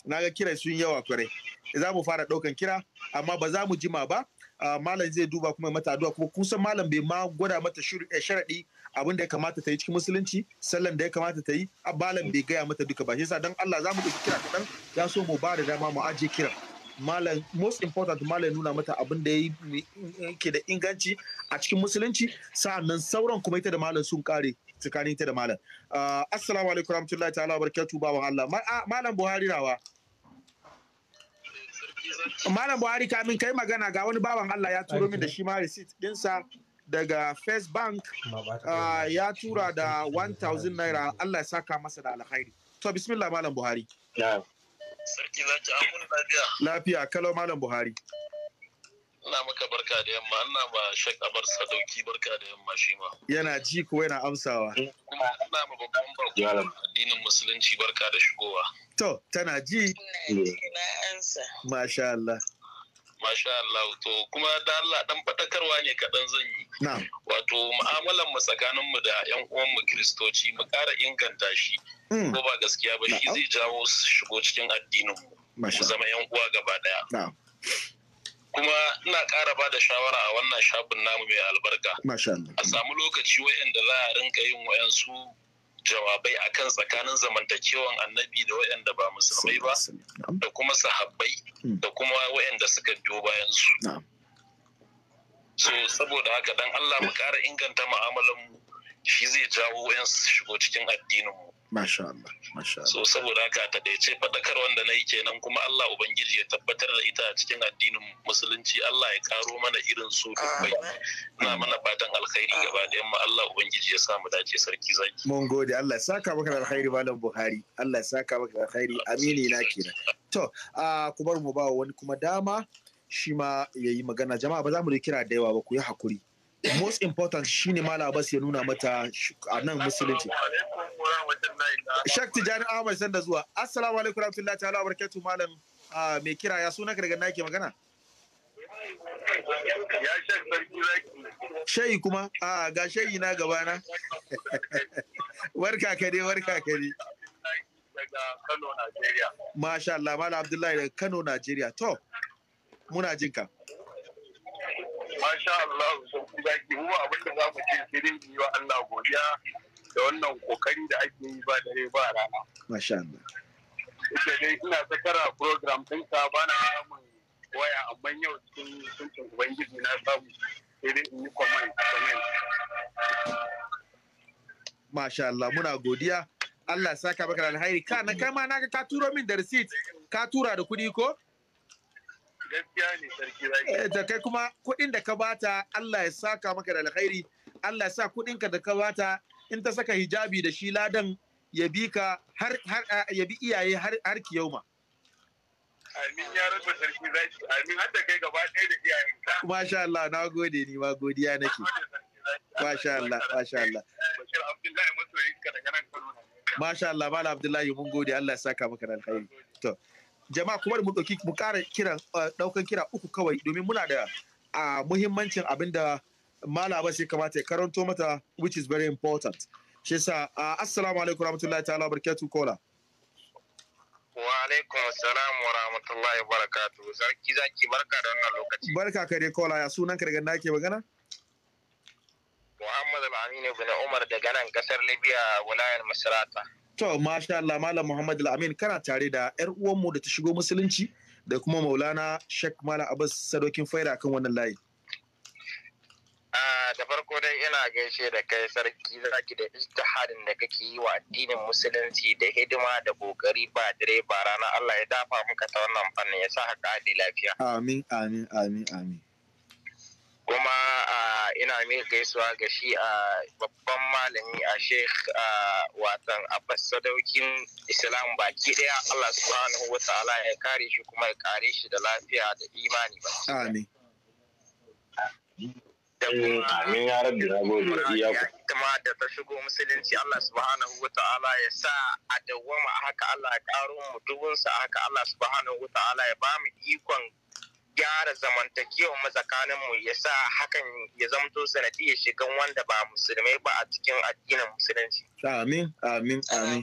na ga kira sun yawa kware za mu fara ɗaukan kira amma ba za mu jima ba ah, malam zai duba kuma mata addu'a kuma kusan malam bai ma gwada mata eh, sharaɗi abin da ya kamata ta yi cikin musulunci sallan da ya kamata ta yi malam bai gaya mata duka ba shi yasa don Allah za mu duka kira kaɗan ya so mu ba da dama mu ajiye kiran malam most important malam nuna mata abin da yake da inganci a cikin musulunci sa'annan sauran kuma ita da malam sun kare tsakanin ta da malam ah, assalamu alaikum rahmatullahi ta'ala barakatuhu bawan Allah ah, malam Buhari rawa malam Buhari kamin kai magana ga wani bawan Allah ya turo min da shi ma receipt dinsa daga First Bank ah, ya tura da 1000 naira Allah ya saka masa da alkhairi to bismillah malam Buhari sarki za ki amun lafiya lafiya kalau malam Buhari Ina maka barka da yamma, ina ma Sheikh Abar Sadauki barka da yamma shi ma. Yana ji ko yana amsawa. Ina ma babban bakon addinin musulunci barka da shigowa. To, tana ji. Ina ansa. Masha Allah. Masha Allah, to kuma da Allah dan fatakarwa ne kaɗan zan yi. Wato mu'amalan mu tsakanin mu da ƴan uwan mu Kiristoci mu ƙara inganta shi. Mm. Ko ba gaskiya ba shi zai jawo su shigo cikin addinin mu. Mu zama ƴan uwa gaba ɗaya. kuma ina ƙara ba da shawara a wannan shafin namu mai albarka a samu lokaci wayanda za a rinka yin wayansu jawabai akan tsakanin zamantakewan annabi da wayanda ba musulmai ba da kuma sahabbai hmm. da kuma wayanda suka biyo bayan su so saboda haka dan Allah mu ƙara inganta mu'amalan mu shi zai jawo su shigo cikin addinin mu Masha Allah. Masha Allah. So saboda haka ta ce faɗakar wanda na yi kenan kuma Allah Ubangiji ya tabbatar da ita a cikin addinin musulunci Allah ya karo mana irin su dubbai. Na mana fatan alkhairi gaba ɗayan mu Allah Ubangiji ya samu dace sarki zaki. Mun gode Allah ya saka maka alkhairi malam Buhari. Allah ya saka maka alkhairi amini na kenan. To a ku mu ba wani kuma dama shi ma yayi magana jama'a ba za mu kira da yawa ba ku yi hakuri. most important shine mala abbas ya nuna mata a nan musulunci Shakti Jani ahmad sanda zuwa assalamu alaikum rahmatullahi ta'ala wa barakatu malam ah, mai kira ya suna ka daga na ke magana shayi kuma a ah, ga shayi na gaba na warka ka warka ka dai Kano, Najeriya. Masha Allah, Malam Abdullahi daga Kano, Najeriya. To, muna jinka. masha Allah sun ku zaki mu abin da za mu ce sai dai yi wa Allah godiya da wannan kokari da ake yi ba dare ba rana masha Allah ita dai ina zakara program din ka bana samun waya amma yau cikin sunan ubangiji na samu sai dai in yi comment comment masha Allah muna godiya Allah saka maka alheri ka na kai ma naga ka turo min da receipt ka tura da kuɗi ko gaskiya ne sarki zaki da eh, kai kuma kuɗin da ka bata Allah ya saka maka da alkhairi Allah ya sa kuɗin ka da ka bata in ta saka hijabi da shi ladan ya bi ka har har eh, ya bi iyaye har har ki yau ma. amin ya rabu sarki zaki amin hadda kai gaba ɗaya da iyayenka masha Allah na gode ni ma godiya nake masha Allah masha Allah eh, Bashir Abdullahi masoyinka daga nan Kaduna Masha Allah, Malam Abdullahi mun gode Allah ya saka maka da alkhairi. To, jama'a kuma da mu ɗauki mu ƙara kiran eh, ɗaukan kira uku kawai domin muna da muhimmancin abin da malama sai kamata ya karanto mata which is very important shi yasa assalamu alaikum warahmatullahi ta'ala barkatu kola wa alaikum assalam wa rahmatullahi wa barakatuh sarki zaki barka da wannan lokaci barka ka dai kola ya sunan ka daga na ke magana Muhammad Al-Aminu ibn Umar daga nan kasar Libya wilayar Masrata To, masha Allah, Malam Muhammad Al-Amin kana tare da 'yar uwanmu da ta shigo musulunci da kuma Maulana Sheikh Malam Abbas Sadokin Faira kan wannan layi. da farko dai ina gaishe da kai sarki zaki da ijtihadin da kake yi wa addinin musulunci da hidima da kokari ba dare ba rana Allah ya dafa muka ta wannan fannin ya sa ka lafiya. Amin amin amin amin. kuma ina mai gaisuwa ga shi a babban malami a sheikh watan abbas sadaukin islam baki daya allah subhanahu wa ta'ala ya kare shi kuma ya kare shi da lafiya da imani ba amin amin ya rabbi na gode iya kuma da ta shigo musulunci Allah subhanahu wa ta'ala ya sa a dawwama haka Allah ya karo mu dubunsa haka Allah subhanahu wa ta'ala ya ba mu ikon gyara zamantakewa mu tsakanin mu ya sa hakan ya zamto ya shigan wanda ba musulmai ba a cikin addinin musulunci. Amin, amin, amin.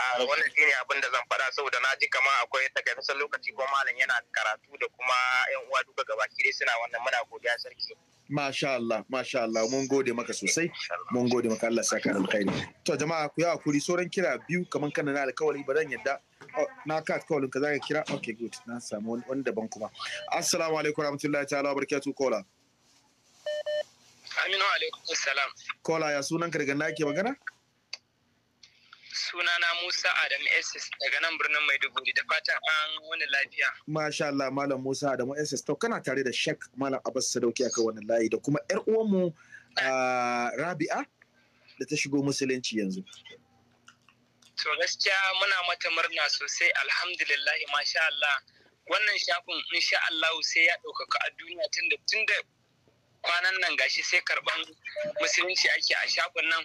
wannan shine abin da zan faɗa saboda na ji kamar akwai takaitaccen lokaci ko malam yana karatu da kuma yan uwa duka gabaki dai suna wannan muna godiya sarki Masha Allah, masha Allah, mun gode maka eh, sosai, mun gode maka Allah saka alkhairi. To jama'a ku yi hakuri sauran kira biyu kamar kana na alkawari ba zan yadda oh, na ka alkawarin ka zaka kira okay good na samu wani daban kuma. Assalamu alaikum warahmatullahi ta'ala barakatuh kola. Aminu alaikum salam. Kola ya sunan ka daga nake magana? sunana Musa Adam SS daga nan birnin Maiduguri da fatan an wani lafiya. Masha Allah Malam Musa Adam SS to kana tare da Shek Malam Abbas Sadauki aka wani layi da kuma ƴar uwanmu ah, Rabi'a da ta shigo musulunci yanzu. To gaskiya muna mata murna sosai alhamdulillah masha Allah wannan shafin insha Allah sai ya ɗaukaka a duniya tunda tunda kwanan nan gashi sai karɓan musulunci ake a shafin nan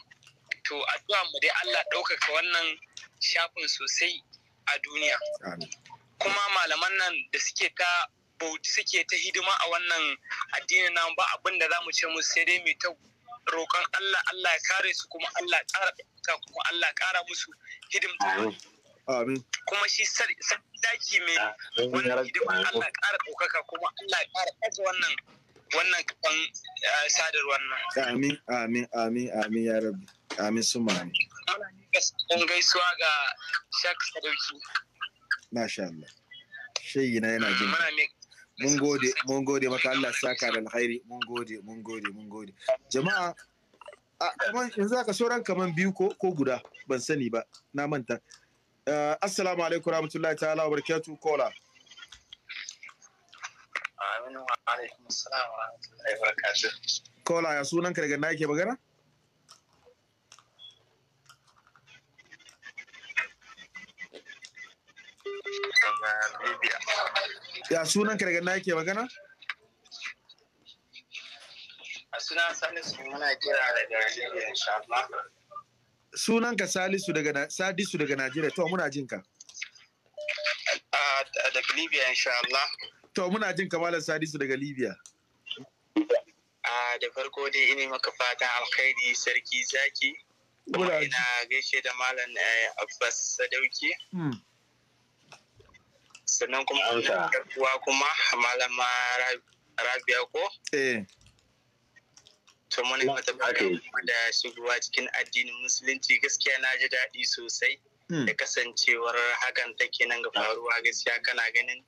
to addu'a mu dai Allah ɗaukaka wannan shafin sosai a duniya kuma malaman nan da suke ta suke ta hidima a wannan addini na ba abin da za mu ce musu sai dai mai ta roƙon Allah Allah ya kare su kuma Allah ƙara ɗauka kuma Allah ƙara musu hidimta kuma shi sadaki mai wannan hidima Allah ƙara ɗaukaka kuma Allah ya ƙara ɗaga wannan wannan kafan eh, sadarwar nan. Amin, amin, amin, amin ya rabu. Amin su mani. Muna gaisuwa ga Shak Sadauki. Masha Allah. Shayi na yana jin. Mun gode, mun gode maka Allah saka da alkhairi. Mun gode, mun gode, mun gode. Jama'a kamar yanzu aka ranka man biyu ko guda ban sani ba na manta. Eh, assalamu alaikum warahmatullahi ta'ala wa barakatuh kola. Amin wa alaikum salam wa rahmatullahi wa barakatuh. Kola ya sunan ka daga na yake magana? Ya sunan ka daga na yake magana? A suna Salisu muna kira daga Libya insha Allah. Sunan ka Salisu daga Sadisu daga Najeriya to muna jinka. ka. Daga Libya insha Allah. To muna jin kamalar Sadisu daga Libya. da farko dai ina maka fatan alkhairi sarki zaki. Kuma ina gaishe da Malam eh, Abbas Sadauki. Hmm. Sannan kuma kuwa kuma Malama Rabia ko? Eh. To muna mata da shigowa cikin addinin Musulunci gaskiya na ji daɗi sosai. Hmm. Da kasancewar hakan take nan ga faruwa gaskiya kana ganin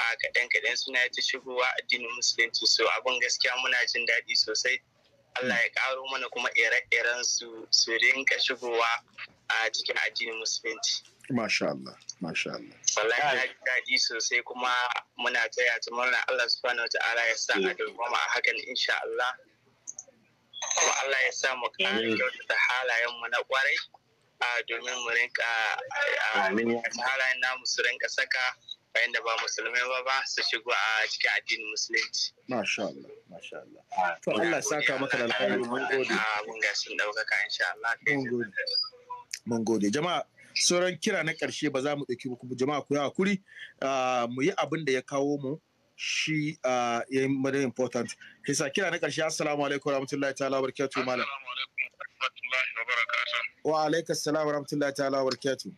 a kaɗan kaɗan suna ta shigowa addinin musulunci so abin gaskiya muna jin daɗi sosai Allah ya ƙaro mana kuma ire-iren su su rinka shigowa a cikin addinin musulunci. Masha Allah, masha Allah. Wallahi ji daɗi sosai kuma muna taya ta murna Allah subhanahu wa ta'ala ya sa a dogoma a hakan insha Allah. Kuma Allah ya sa mu ƙara kyautata halayenmu na ƙwarai. domin mu rinka halayen namu su rinka saka wayanda ba musulmai ba ba su shigo a cikin addinin musulunci. Masha Allah, masha Allah. Ah, to Allah saka maka da alkhairi mun gode. Mun ah, ga sun daukaka insha Allah. Mun gode. Mun gode. Jama'a sauran kira na ƙarshe ba za mu ɗauki muku jama'a ku yi hakuri ah, mu yi abin da ya kawo mu shi ya yi mada important. Kisa kira na ƙarshe assalamu alaikum wa rahmatullahi ta'ala wa barakatuhu malam. Wa alaikum wa rahmatullahi ta'ala wa barakatuhu.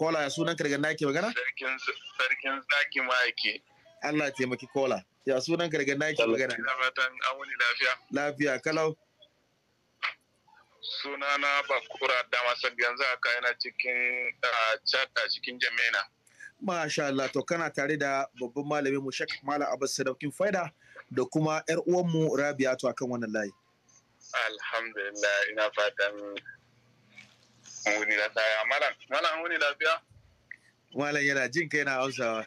kola ya sunan ka naki magana sarkin sarkin zaki Allah ya taimaki kola ya sunan ka naki magana ina fatan lafiya lafiya kalau sunana bakura damasan yanzu aka yana cikin chata cikin jamaina Masha Allah to kana tare da babban malamin mu Sheikh Malam Abbas Sadaukin Faida da kuma 'yar uwanmu Rabiatu akan wannan layi. Alhamdulillah ina fatan wuni da daya malam malam wuni lafiya malam yana jin kai na hausawa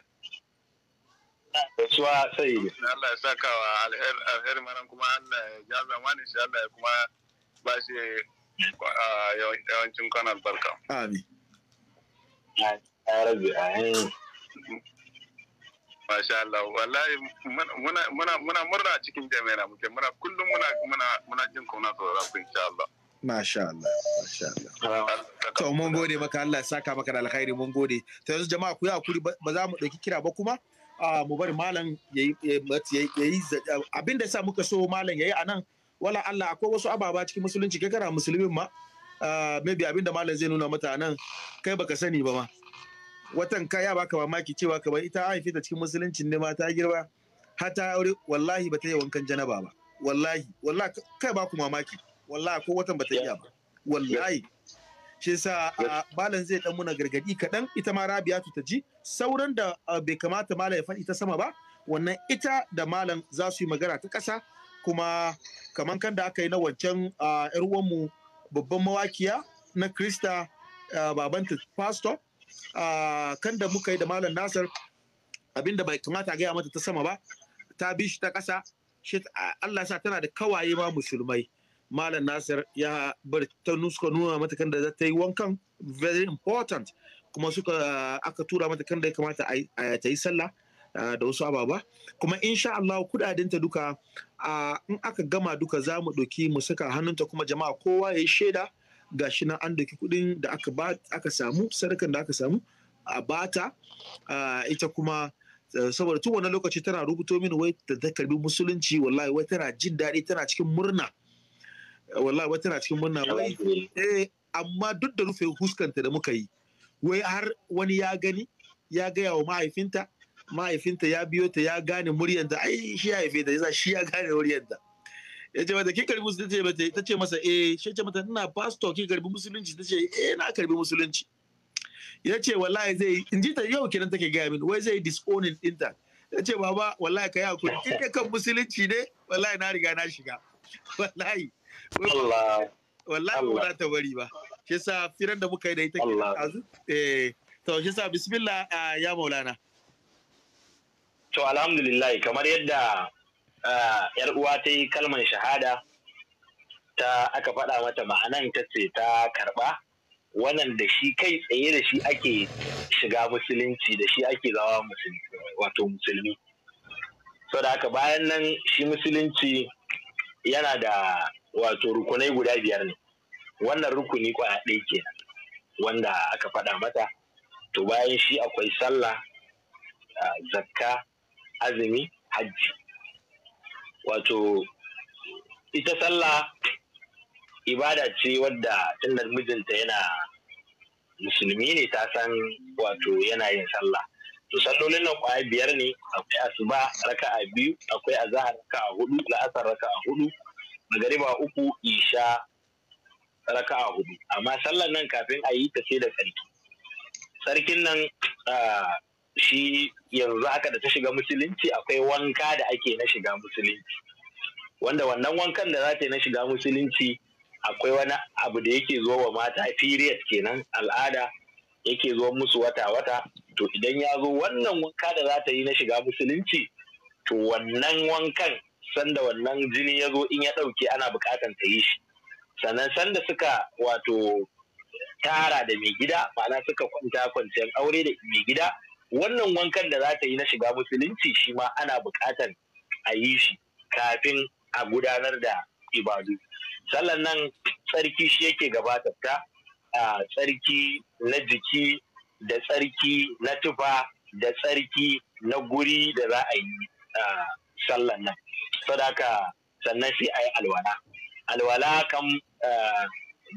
Rasuwa sai ne. Allah ya saka wa alheri malam kuma Allah ya jaza wani shi Allah ya kuma ba shi yawancin kwanar barka. Amin. Masha Allah, wallahi muna murna cikin jami'a muke muna kullum muna muna jin kauna tsoron insha Allah. Masha Allah, Masha Allah. To mun gode maka Allah ya saka maka da alkhairi mun gode. To yanzu jama'a ku yi hakuri ba za mu ɗauki kira ba kuma mu bari malam ya yi abin da sa muka so malam ya yi a nan wala Allah akwai wasu ababa cikin musulunci kai kana musulmin ma maybe abin da malam zai nuna mata nan kai baka sani ba ma. Watan ka ya baka mamaki cewa kamar ita haife ta cikin musuluncin ne ma ta girba Hata ta aure wallahi ba ta yi wankan janaba ba. Wallahi, wallahi kai baku mamaki. wallahi ko watan ba iya ba wallahi shi sa malam zai dan muna gargadi kaɗan ita ma rabia ta ji sauran da bai kamata malam ya faɗi ta sama ba wannan ita da malam za su yi magana ta ƙasa kuma kaman kan da aka yi na wancan yar uwanmu babban mawakiya na krista babanta pastor kan da muka yi da malam nasar abinda bai kamata a gaya mata ta sama ba ta bi shi ta ƙasa Allah sa tana da kawaye ma musulmai malam nasir ya bar ta nuska nuna mata kan da za ta yi wankan very important kuma suka aka tura mata kan da ya kamata ta yi sallah da wasu ababa kuma insha Allah kudadinta duka in aka gama duka za mu ɗauki mu saka hannunta kuma jama'a kowa ya yi shaida ga shi nan an doki kuɗin da aka samu sadakan da aka samu a bata ita kuma e, saboda tun wani lokaci tana rubuto mini wai da ta karbi musulunci wallahi wai tana jin daɗi tana cikin murna wallahi wata na cikin murna wai eh amma duk da rufe huskanta da muka yi wai har wani ya gani ya gaya wa mahaifinta mahaifinta ya biyo ta ya gane muryanta ai shi ya haife ta yasa shi ya gane muryanta ya ce mata kin karbi musulunci ta ce masa eh shi ce mata ina pastor kin karbi musulunci ta ce eh na karbi musulunci ya ce wallahi zai in ji ta yau kenan take gaya min wai zai disowning dinta ya ce baba wallahi ka yi hakuri in kan musulunci ne wallahi na riga na shiga wallahi wallahi ba za ta bari ba shi sa firan da muka yi da ita ke eh to shi sa bismillah ya maulana to alhamdulillah kamar yadda yar uwa ta yi kalmar shahada ta aka faɗa mata ma'anan ta ce ta karɓa wannan da shi kai tsaye da shi ake shiga musulunci da shi ake zawa wato musulmi so da haka bayan nan shi musulunci yana da wato rukunai guda biyar ne wannan rukuni kwaya ɗaya kenan wanda aka faɗa mata to bayan shi akwai sallah zakka azumi hajji wato ita sallah ibada ce wadda tunda mijinta yana musulmi ne ta san wato yana yin sallah to sallolin nan kwaya biyar ne akwai asuba raka'a biyu akwai azahar raka'a hudu la'asar raka'a hudu magariba uku isha raka'a hudu amma sallan nan kafin a yi ta sai da tsarki sarkin nan shi yanzu haka da ta shiga musulunci akwai wanka da ake na shiga musulunci wanda wannan wankan da za ta yi na shiga musulunci akwai wani abu da yake zo wa mata period kenan al'ada yake zo musu wata-wata to idan ya zo wannan wanka da za ta yi na shiga musulunci to wannan wankan sanda wannan jini ya zo in ya ɗauke ana buƙatar ta yi shi sannan sanda suka wato tara da mai gida ma'ana suka kwanta kwanciyar aure da mai gida wannan wankan da za ta yi na shiga musulunci shi ma ana buƙatar a yi shi kafin a gudanar da ibadu sallan nan tsarki shi yake gabatar ta tsarki na jiki da tsarki na tufa da tsarki na guri da za a yi sallan nan sadaka sannan sai a yi alwala alwala kan eh,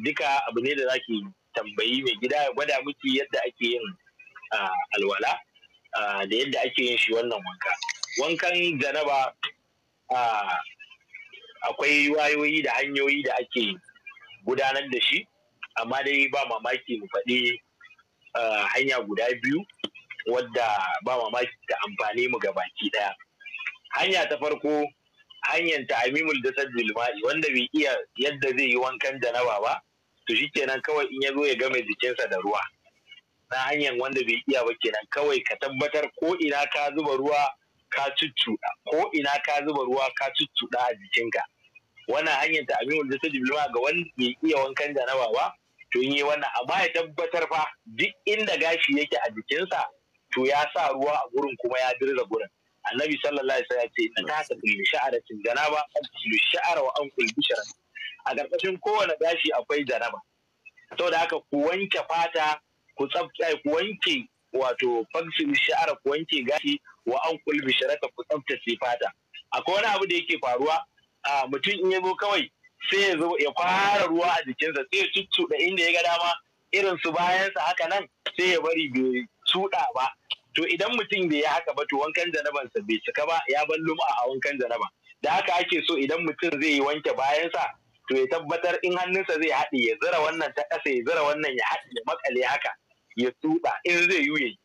duka abu ne da zaki tambayi mai gida ya gwada miki yadda ake yin eh, alwala eh, da yadda ake yin shi wannan wanka wankan janaba akwai wayoyi da hanyoyi da ake gudanar da shi amma dai ba mamaki mu faɗi hanya guda biyu wadda ba mamaki da amfani mu ga baki ɗaya hanya ta farko hanyar ta amimul da sabbin ma'i wanda bai iya yadda zai yi wankan janaba ba to shi kenan kawai in ya zo ya game jikinsa da ruwa na hanyar wanda bai iya ba kenan kawai ka tabbatar ko ina ka zuba ruwa ka cuccuɗa ko ina ka zuba ruwa ka cuccuɗa a jikinka wannan hanyar ta amimul da sabbin ma'i ga wanda bai iya wankan janaba ba to yi wannan amma ya tabbatar fa duk inda gashi yake a jikinsa to ya sa ruwa a gurin kuma ya dirza gurin annabi sallallahu alaihi wasallam ya ce inna ta kulli sha'aratin janaba kulli sha'ara wa an kulli a ƙarƙashin kowane gashi akwai janaba saboda haka ku wanke fata ku tsaftace ku wanke wato fagsil sha'ara ku wanke gashi wa an kulli sharaka ku tsabtace fata akwai wani abu da yake faruwa mutum in ya kawai sai ya zo ya fara ruwa a jikinsa sai ya da inda ya ga dama irin su bayansa haka nan sai ya bari bai cuɗa ba to idan mutum bai yi haka ba to wankan janabansa bai cika ba ya bar lum'a a wankan janaba da haka ake so idan mutum zai yi wanke bayansa to ya tabbatar in hannunsa zai haɗe ya zira wannan ta ƙasa ya zira wannan ya haɗe ya makale haka ya tuɗa in zai yi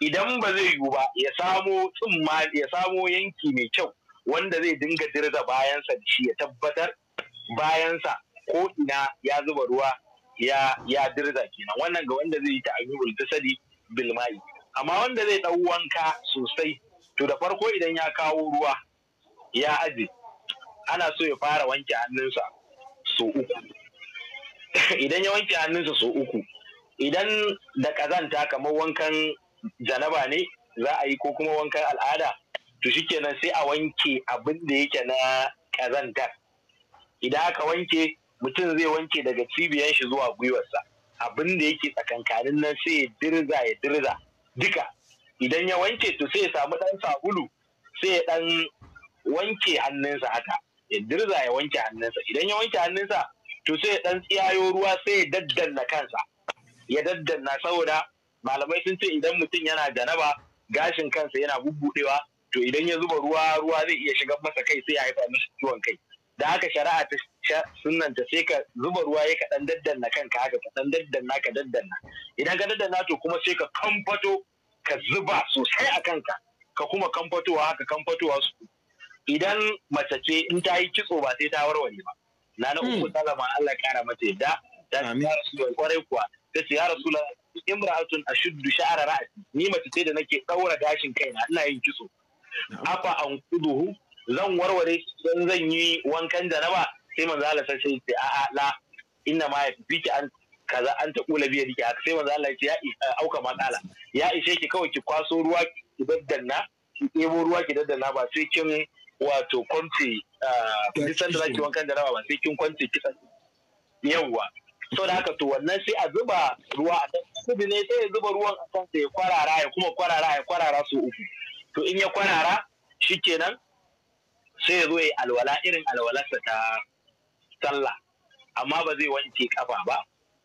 idan ba zai yiwu ba ya samo tsumma ya samo yanki mai kyau wanda zai dinga dirza bayansa da shi ya tabbatar bayansa ko ina ya zuba ruwa ya ya dirza kenan wannan ga wanda zai yi ta'ayyul ta sadi bilmai amma wanda zai ɗau wanka sosai to da farko idan ya kawo ruwa ya aje ana so ya fara wanke hannunsa so uku idan ya wanke hannunsa so uku idan da ƙazanta kamar wankan janaba ne za a yi ko kuma wankan al'ada to shikenan sai a wanke abin da yake na ƙazantar. idan aka wanke mutum zai wanke daga cibiyar shi zuwa gwiwarsa abin da yake tsakankanin nan sai ya dirza ya dirza duka idan ya wanke to sai ya samu ɗan sabulu sai ya ɗan wanke hannunsa haka ya dirza ya wanke hannunsa idan ya wanke hannunsa to sai ya ɗan tsiyayo ruwa sai ya daddanna kansa ya daddanna saboda malamai sun ce idan mutum yana janaba gashin kansa yana bubbudewa to idan ya zuba ruwa ruwa zai iya shiga masa kai sai ya haifa masa ciwon kai da haka shari'a ta sunan ta sai ka zuba ruwa ya kaɗan daddanna kanka haka kaɗan daddanna ka daddanna idan ka daddanna to kuma sai ka kamfato ka zuba sosai a kanka ka kuma kamfatowa haka kamfatowa su idan mace ce in ta yi kitso ba sai ta warware ba na na uku hmm. salama Allah kara mata yadda ta ya rasulullah kwarai kuwa ta ce ya rasulullah imra'atun ashuddu sha'ara ra'si ni mace ce da nake daura gashin kaina ina yin kitso afa an kuduhu zan warware shi zan yi wankan janaba sai manzo Allah sai sai ce a'a la inna ma biki an kaza an ta kula biya dike sai manzo Allah ya ce ya eh, auka matsala ya ishe ki kawai ki kwaso ruwa ki daddanna ki ebo ruwa ki daddanna ba sai kin wato ni ah, san da zaki wankan da raba ba sai kin kwance kitsan yawwa so da haka to wannan sai a zuba ruwa a kan kubi ne sai ya zuba ruwan a kan sai ya kwarara ya kuma kwarara ya kwarara su uku to in ya kwarara shikenan sai ya zo ya alwala irin alwalarsa ta sallah amma ba zai wanke kafa ba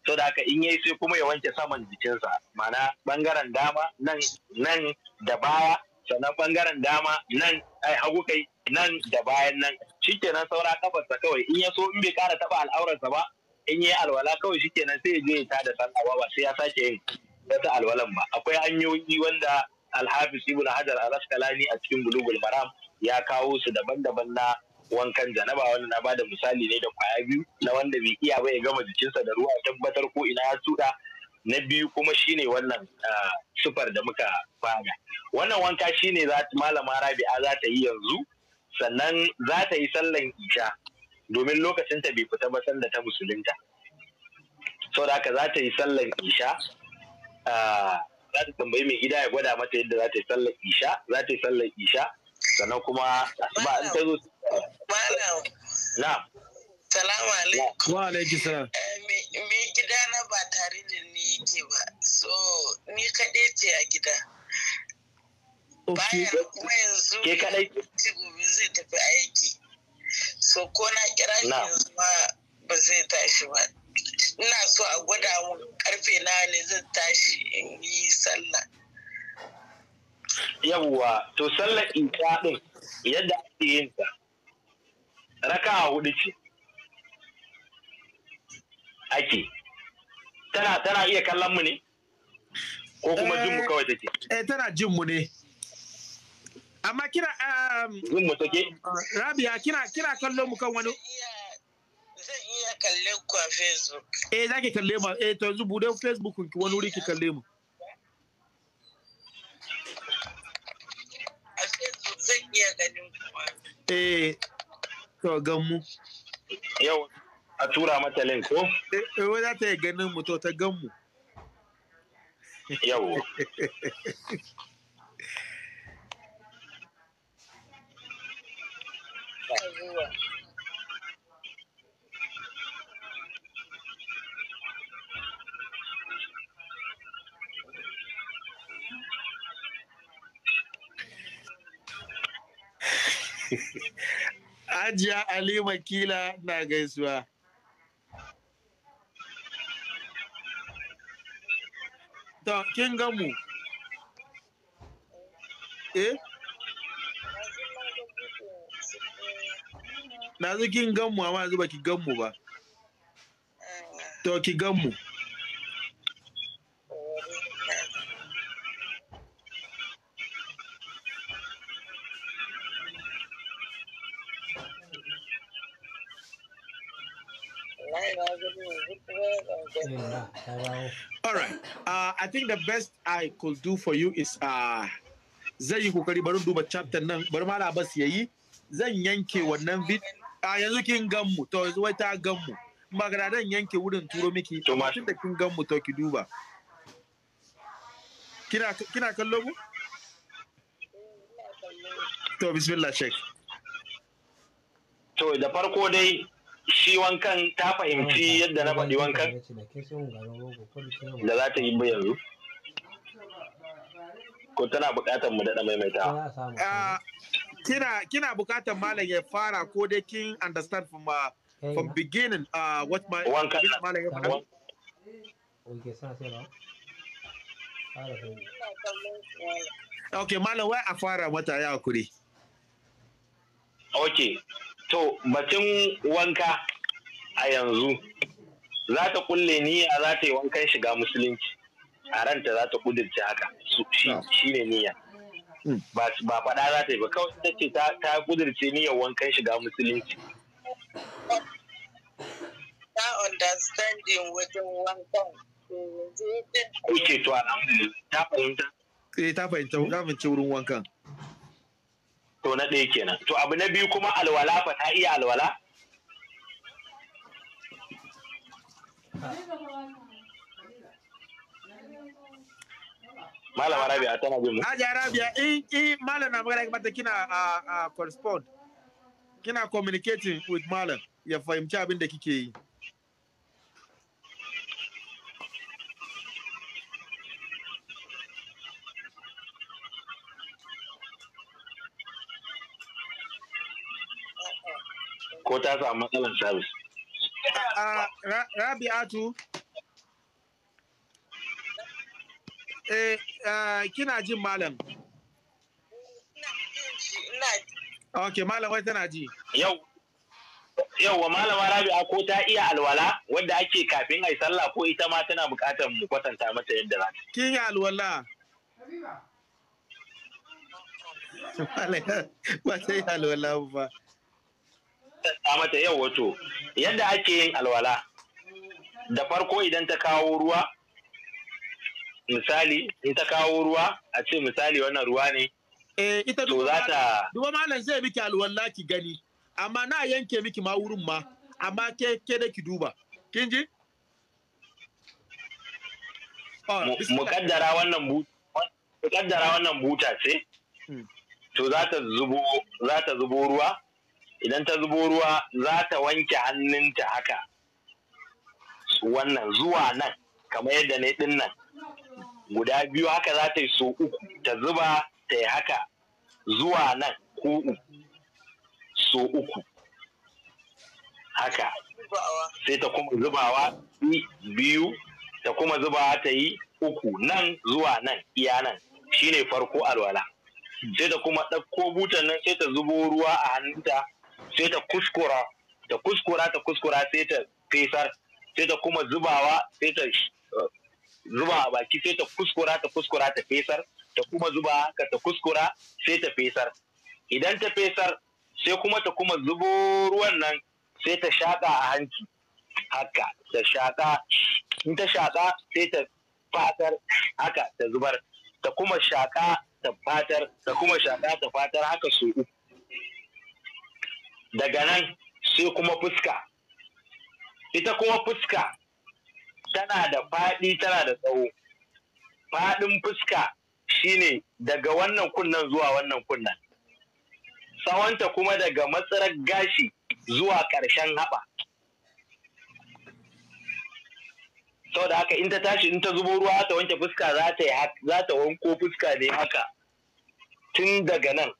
so da haka in yayi sai kuma ya wanke saman jikinsa mana bangaren dama nan nan da baya sannan bangaren dama nan ai hagu kai nan da bayan nan shikenan saura kafarsa kawai in ya so in bai kara taba al'aurarsa ba in yayi alwala kawai shikenan sai ya je ya tada sallah ba sai ya sake yin wata alwalan ba akwai hanyoyi wanda alhafis ibn hajar al-asqalani a cikin bulugul maram ya kawo su daban-daban na wankan janaba wanda na bada misali ne da kwaya biyu na wanda bai iya ba ya gama jikinsa da ruwa tabbatar ko ina ya tura na biyu kuma shine wannan sufar da muka fara wannan wanka shine za malama rabi'a za ta yi yanzu sannan za ta yi sallan isha domin lokacin ta bai fita ba sanda ta musulunta saboda haka za ta yi sallan isha za ta tambayi mai gida ya gwada mata yadda za ta yi sallan isha za ta yi sallan isha sannan kuma asuba an ta zo Malam. Na'am. Salamu alaikum. Wa alaikum salam. Eh, me gida na ba tare da ni yake ba. So ni kaɗai ce a gida. Bayan kuma yanzu ke kaɗai ci gobe zai tafi aiki. So ko na kira shi yanzu ma ba zai tashi ba. Ina so a gwada mun karfe na ne zai tashi in yi sallah. Yawwa, to sallar ita ɗin yadda ake yin ta. a hudu ce ake tana tana iya kallon mu ne ko kuma jin mu eh, kawai take eh tana jin mu ne amma kina um, jin mu take rabia kina kina kallo mu kan wani zan iya kalle ku a facebook eh zaki kalle mu eh to yanzu bude facebook ki wani wuri ki kalle mu a facebook zan iya ganin ku eh to ganmu yau a tura mata link ko eh, eh wai ta yi ganin mu to ta ganmu yau Ajiya Ali Makila na gaisuwa. To, kin gamu? Eh? Na kin gamu amma yanzu ba ki gamu ba. To, ki gamu. think the best I could do for you is uh, zai yi kokari barin duba chapter nan bari mala bas yayi zan yanke wannan bit a yanzu kin gan mu to yanzu wai ta gan mu magana dan yanke wurin turo miki to tun da kin gan mu to ki duba kina kina kallo mu to bismillah shek to da farko dai shi wankan ta fahimci yadda na faɗi wankan da za ta yi ba yanzu ko tana buƙatar mu daɗa maimaita ah, kina kina buƙatar malam ya fara ko dai kin understand from uh, eh, from beginning uh, what my wankan malam ya fara Okay, malam wai a fara mata ya kuri. Okay, To batun wanka a yanzu za ta kulle niyya za ta yi wankan shiga musulunci a ranta za ta kudurce haka shi ne niyya. Hmm. Ba faɗa za ta yi ba kawai ta ce ta kudurce niyya wankan shiga musulunci. ta understanding wajen wankan. Eh, Kuke to alhamdulillah ta fahimta. Eh ta fahimta ta fahimci wurin wankan. to na ɗaya kenan to abu na biyu kuma alwala fa ta iya alwala Malam Rabia tana bin mu. Hajiya in malam na magana kamar kina a a correspond. Kina communicating with malam ya fahimci abin da kike yi. ko ta samu matsalar sabis. Rabi'atu, eh, kina jin malam? Ok, malam wai tana ji. Yau, wa malama rabi'a ko ta iya alwala wadda ake kafin a yi sallah ko ita ma tana buƙatar mu kwatanta mata yadda za ta. Kin yi alwala? Ba ta yi alwala ba. ta mata yau wato yadda ake yin alwala da farko idan ta kawo ruwa misali in ta kawo ruwa a ce misali wannan ruwa ne eh ita to za ta duba malam zai miki alwala ki gani amma na yanke miki ma wurin ma amma ke ke da ki duba kin ji ah, mukaddara wannan buta mukaddara wannan buta ce hmm. to za ta zubo za ta zubo ruwa idan ta zubo ruwa za ta wanke hannunta haka wannan zuwa nan kamar yadda na din nan guda biyu haka za ta yi so uku ta zuba ta yi haka zuwa nan ko so uku haka sai ta kuma zubawa biyu ta kuma zubawa ta yi uku nan zuwa nan iya nan shine farko alwala sai ta kuma ɗauko butan nan sai ta zubo ruwa a hannunta sai ta kuskura ta kuskura ta kuskura sai ta fesar sai ta kuma zubawa sai ta uh, zuba a baki sai ta kuskura ta kuskura ta fesar ta kuma zuba haka ta kuskura sai ta fesar idan ta fesar sai kuma ta kuma zubo ruwan nan sai ta shaƙa a hanci haka ta shaƙa in ta shaƙa sai ta fatar haka ta zubar ta kuma shaƙa ta fatar ta kuma shaƙa ta fatar haka su uku daga nan sai kuma fuska ita kuma fuska tana da faɗi tana da tsawo faɗin fuska shine daga wannan kunnen zuwa wannan kunnan tsawonta kuma daga matsarar gashi zuwa ƙarshen haɓa sau da haka in ta tashi in ta zubo ruwa ta wanke fuska za ta wanko fuska ne haka tun daga nan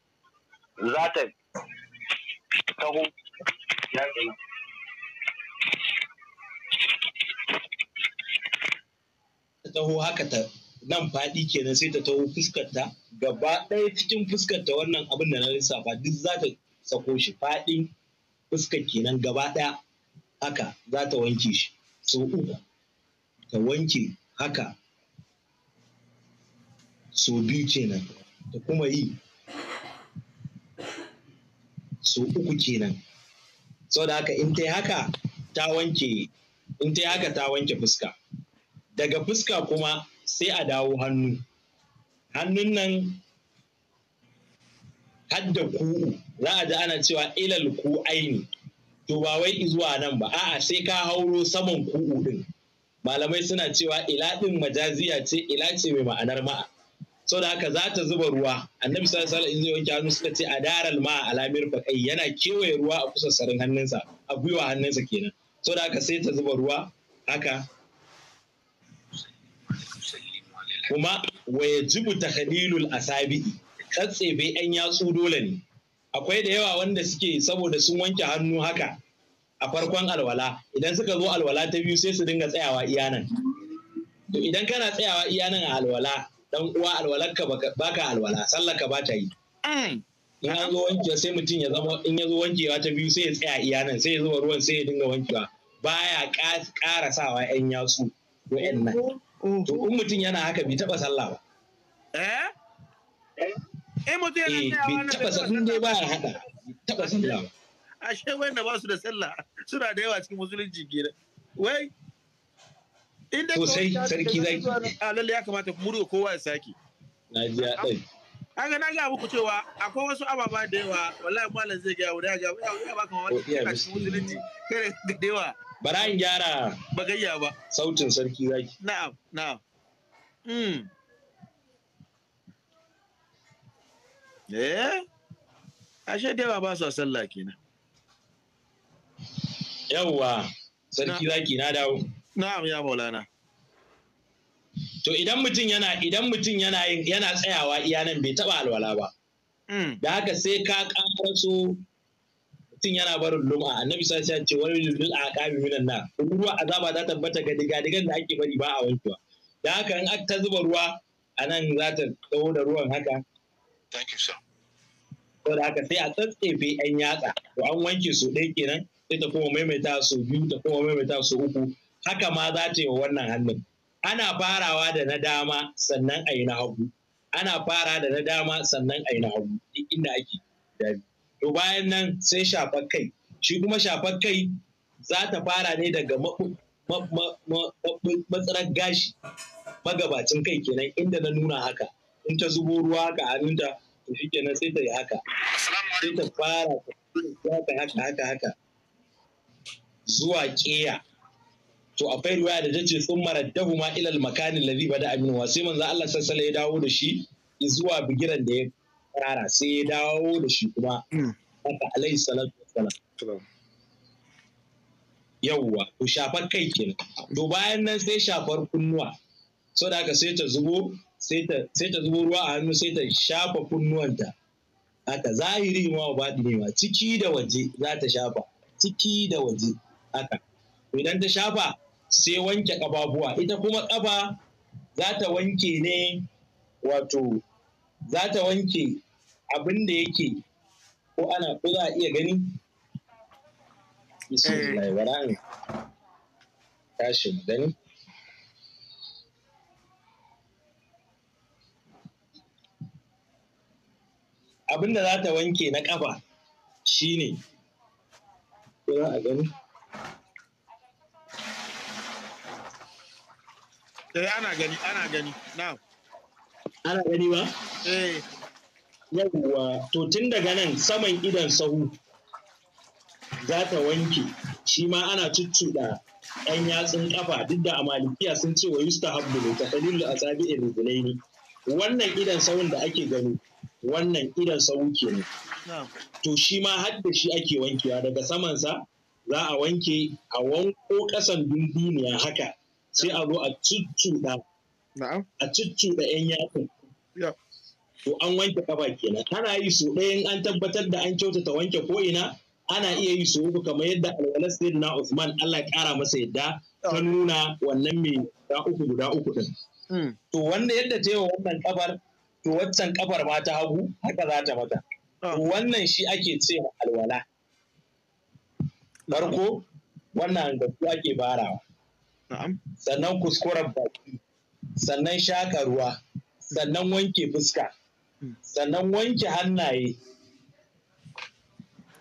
za ta taho ya tsaye ta taho haka ta nan faɗi kenan sai ta taho fuskarta gaba ɗaya cikin fuskarta wannan abin da na lissafa duk za ta sako shi faɗin fuskar kenan gaba ɗaya haka za ta wanke shi sau uku ta wanke haka sau biyu kenan ta kuma yi Su uku kenan so da haka in ta haka ta wanke in ta haka ta wanke fuska daga fuska kuma sai a dawo hannu hannun nan hadda ku'u za a ji ana cewa ilal aini. to ba wai zuwa nan ba a'a sai ka hauro saman ku'u din malamai suna cewa ila ɗin majaziya ce ila ce mai ma'anar ma'a sau da haka za ta zuba ruwa annabi sallallahu in zai wanke hannu suka ce a daral ma alamir fakai yana kewaye ruwa a kusa sarin hannunsa a gwiwa hannunsa kenan sau da haka sai ta zuba ruwa haka kuma wa yajibu takhlilul asabi bai yan yatsu dole ne akwai da yawa wanda suke saboda sun wanke hannu haka a farkon alwala idan suka zo alwala ta biyu sai su dinga tsayawa iyanan to idan kana tsayawa iyanan a alwala dan uwa alwalarka baka alwala sallaka ba ta yi mm. in an zo wanke sai mutum ya zama in ya zo wankewa ta biyu sai ya tsaya iya nan sai ya zuba ruwan sai ya dinga wankewa baya ƙara sawa yan yatsu wa'yan nan to in mutum yana haka bai taba sallah ba eh eh mutum yana eh, bai taba sallah dai baya hada taba sallah ashe wanda ba su da sallah suna da yawa cikin musulunci kenan wai sosai sarki zaki a lalle ya kamata murya kowa ya saki na ji ya dai na ga muku cewa akwai wasu ababa da yawa wallahi malam zai ga wuri ga ya baka mamaki ka ci musulunci kare da yawa bara in gyara ba sautin sarki zaki na'am na'am mm eh ashe da ba su sallah kenan yawwa sarki zaki na dawo na'am ya maulana to idan mutum yana idan mutum yana yana tsayawa iya nan bai taba alwala ba hmm. da haka sai ka karaso mutum yana barin lum'a annabi sai ya ce wani lulul aqabi minan nan ruwa azaba za ta tabbata ga digan da ake bari ba a wankewa da haka in aka ta zuba ruwa a nan za ta dawo da ruwan haka thank you sir da haka sai a tsatsefe yan yatsa to an wanke su ɗaya kenan sai ta kuma maimaita su biyu ta kuma maimaita su uku haka ma za ta yi wa wannan hannun ana farawa da na dama sannan a yi na hagu ana fara da na dama sannan a yi na hagu inda ake da to bayan nan sai shafar kai shi kuma shafar kai za ta fara ne daga matsarar gashi magabacin kai kenan inda na nuna haka in ta zubo ruwa haka hannunta to shi kenan sai ta yi haka sai ta fara haka haka haka haka zuwa keya to akwai ruwaya da tace sun maraddahu ma ilal makanin ladhi bada wa sai manzo Allah sallallahu ya dawo da shi zuwa bigiran da ya rara sai ya dawo da shi kuma hmm. haka alaihi salatu wassalam yawwa to shafar kai kenan to bayan nan sai shafar kunnuwa so da haka sai ta zubo sai ta zubo ruwa a hannu sai ta shafa kunnuwanta haka zahiri ma wa baɗi ne ma ciki da waje za ta shafa ciki da waje haka idan ta shafa sai wanke ƙababuwa ita kuma ƙafa za ta wanke ne wato za ta wanke abin da yake ko ana ko za a iya gani eh. abin da za ta wanke na ƙafa shine ko za a gani Eh ana gani ba? Eh. Yawwa to tun daga nan saman idan sahu za ta wanke shi ma ana cuccuɗa yan yatsun ƙafa duk da Amalikiya sun ce wa yusta ne ta kalilu a sabi'in ne wannan idan sahun da ake gani wannan idan sahu ne, to shi ma har da shi ake wankewa daga samansa za a wanke a wanko ƙasan dunduniya haka sai a zo a cuccuɗa a cuccuɗa yan yatsun to an wanke kafa kenan ana yi so ɗaya in an tabbatar da an kyautata wanke ko ina ana iya yi so uku kamar yadda alwala na Usman Allah ya kara masa yadda ta nuna wannan mai guda uku guda uku din hmm. to wanda yadda ta yi wa wannan kafar to waccan kafar ma ta hagu haka za ta mata ah. wannan shi ake cewa alwala farko wannan da ake barawa sannan kuskuren baki sannan shaƙa ruwa sannan wanke fuska hmm. sannan wanke hannaye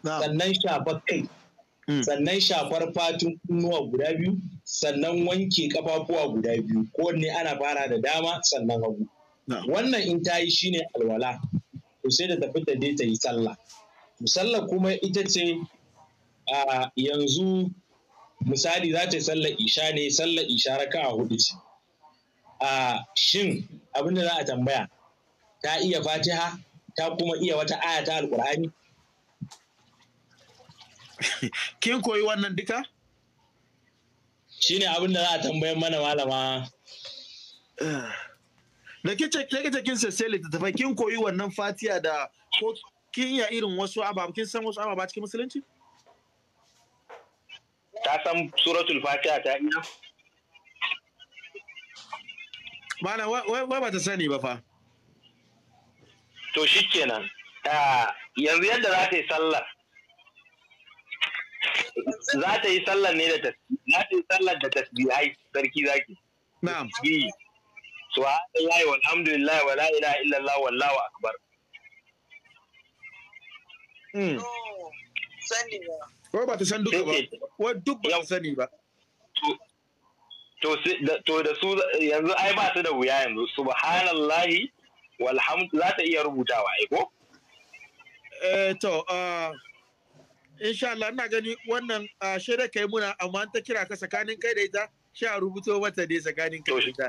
sannan shafar kai hmm. sannan shafar fatun kunnuwa guda biyu sannan wanke kafafuwa guda biyu ko ne ana fara da dama sannan hagu wannan in ta yi shine alwala to sai da tafi ta je ta yi sallah sallah kuma ita ce yanzu misali za ta yi sallar isha ne sallar isha raka a hudu ce a shin abinda za a tambaya ta iya fatiha ta kuma iya wata aya ta alkur'ani kin koyi wannan duka shine abinda za a tambayan mana malama da kike kin sassai tafai kin koyi wannan fatiha da ko kin ya irin wasu ababa kin san wasu ababa cikin musulunci ta san suratul fatiha ta iya mana wai ba ta sani ba fa to shikenan yanzu yadda za ta yi sallar za ta yi sallar ne da za ta yi sallar da tasbihai sarki zaki na'am subhanallahi walhamdulillahi wala ilaha illallah wallahu akbar hmm. oh. sani ba. Ko ba ta san duka ba. Ko duk ba ta sani ba. To da su yanzu ai ba su da wuya yanzu subhanallahi walhamdu za ta iya rubutawa ai ko? Eh to ah, insha Allah ina gani wannan ah, shaida kai muna amma ta kira ka tsakanin kai da ita sha rubuto mata dai tsakanin kai da ita.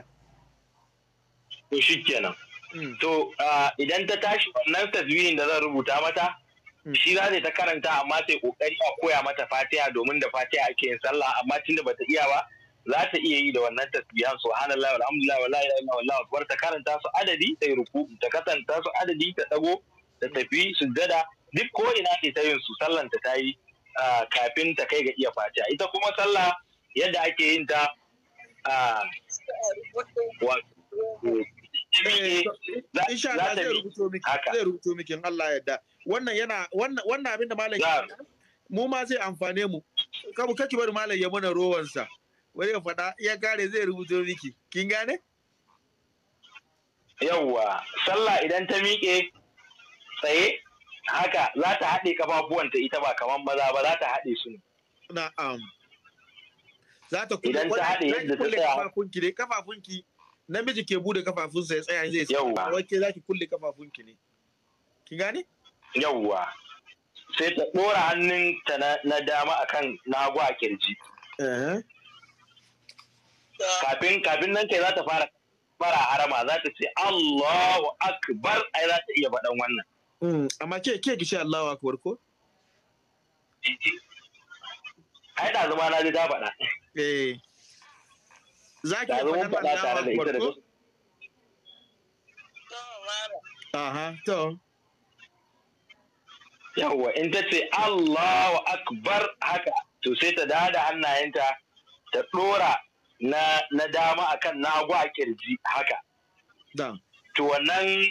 To shi kenan. Mm. To ah, idan ta tashi wannan tasbihin da zan rubuta mata Mm. shi za ta karanta amma sai kokari a koya mata fatiha domin da fatiha ake yin sallah amma tunda bata iya ba za ta iya yi da wannan tasbihan subhanallah walhamdulillah wala ilaha illa allah akbar ta karanta su adadi ta ruku ta kasanta su adadi ta dago ta tafi sujjada duk ko ina ce ta yin su sallan ta tayi kafin ta kai ga iya fatiha ita kuma sallah yadda ake yin ta na eh, zai rubuto miki Allah ya yarda wannan yana wannan abin da malam mu ma zai amfane mu kabu kake bari malam ya mana rowansa wani ya faɗa ya kare zai rubuto miki kin gane yawwa sallah idan ta miƙe tsaye haka za ta haɗe kafafuwanta ita ba kamar maza ba za ta haɗe su ne na'am za ta kuma idan ta haɗe yadda ta tsaya kafafunki ne namiji ke bude kafafunsa ya tsaya zai tsaya wacce za ki kulle kafafunki ne kin gane yawwa sai ta ɗora hannunta na dama akan nagu a kirji kafin kafin nan kai za ta fara fara harama za ta ce Allahu akbar ai za ta iya faɗan wannan hmm, amma ke ke ki ce Allahu akbar ko ai da zama na ji ta faɗa eh za ki faɗa Allahu akbar ko aha to yawwa in ta ce Allahu akbar haka to sai ta dada hannayenta ta ɗora na, na dama akan nagu a kirji haka to wannan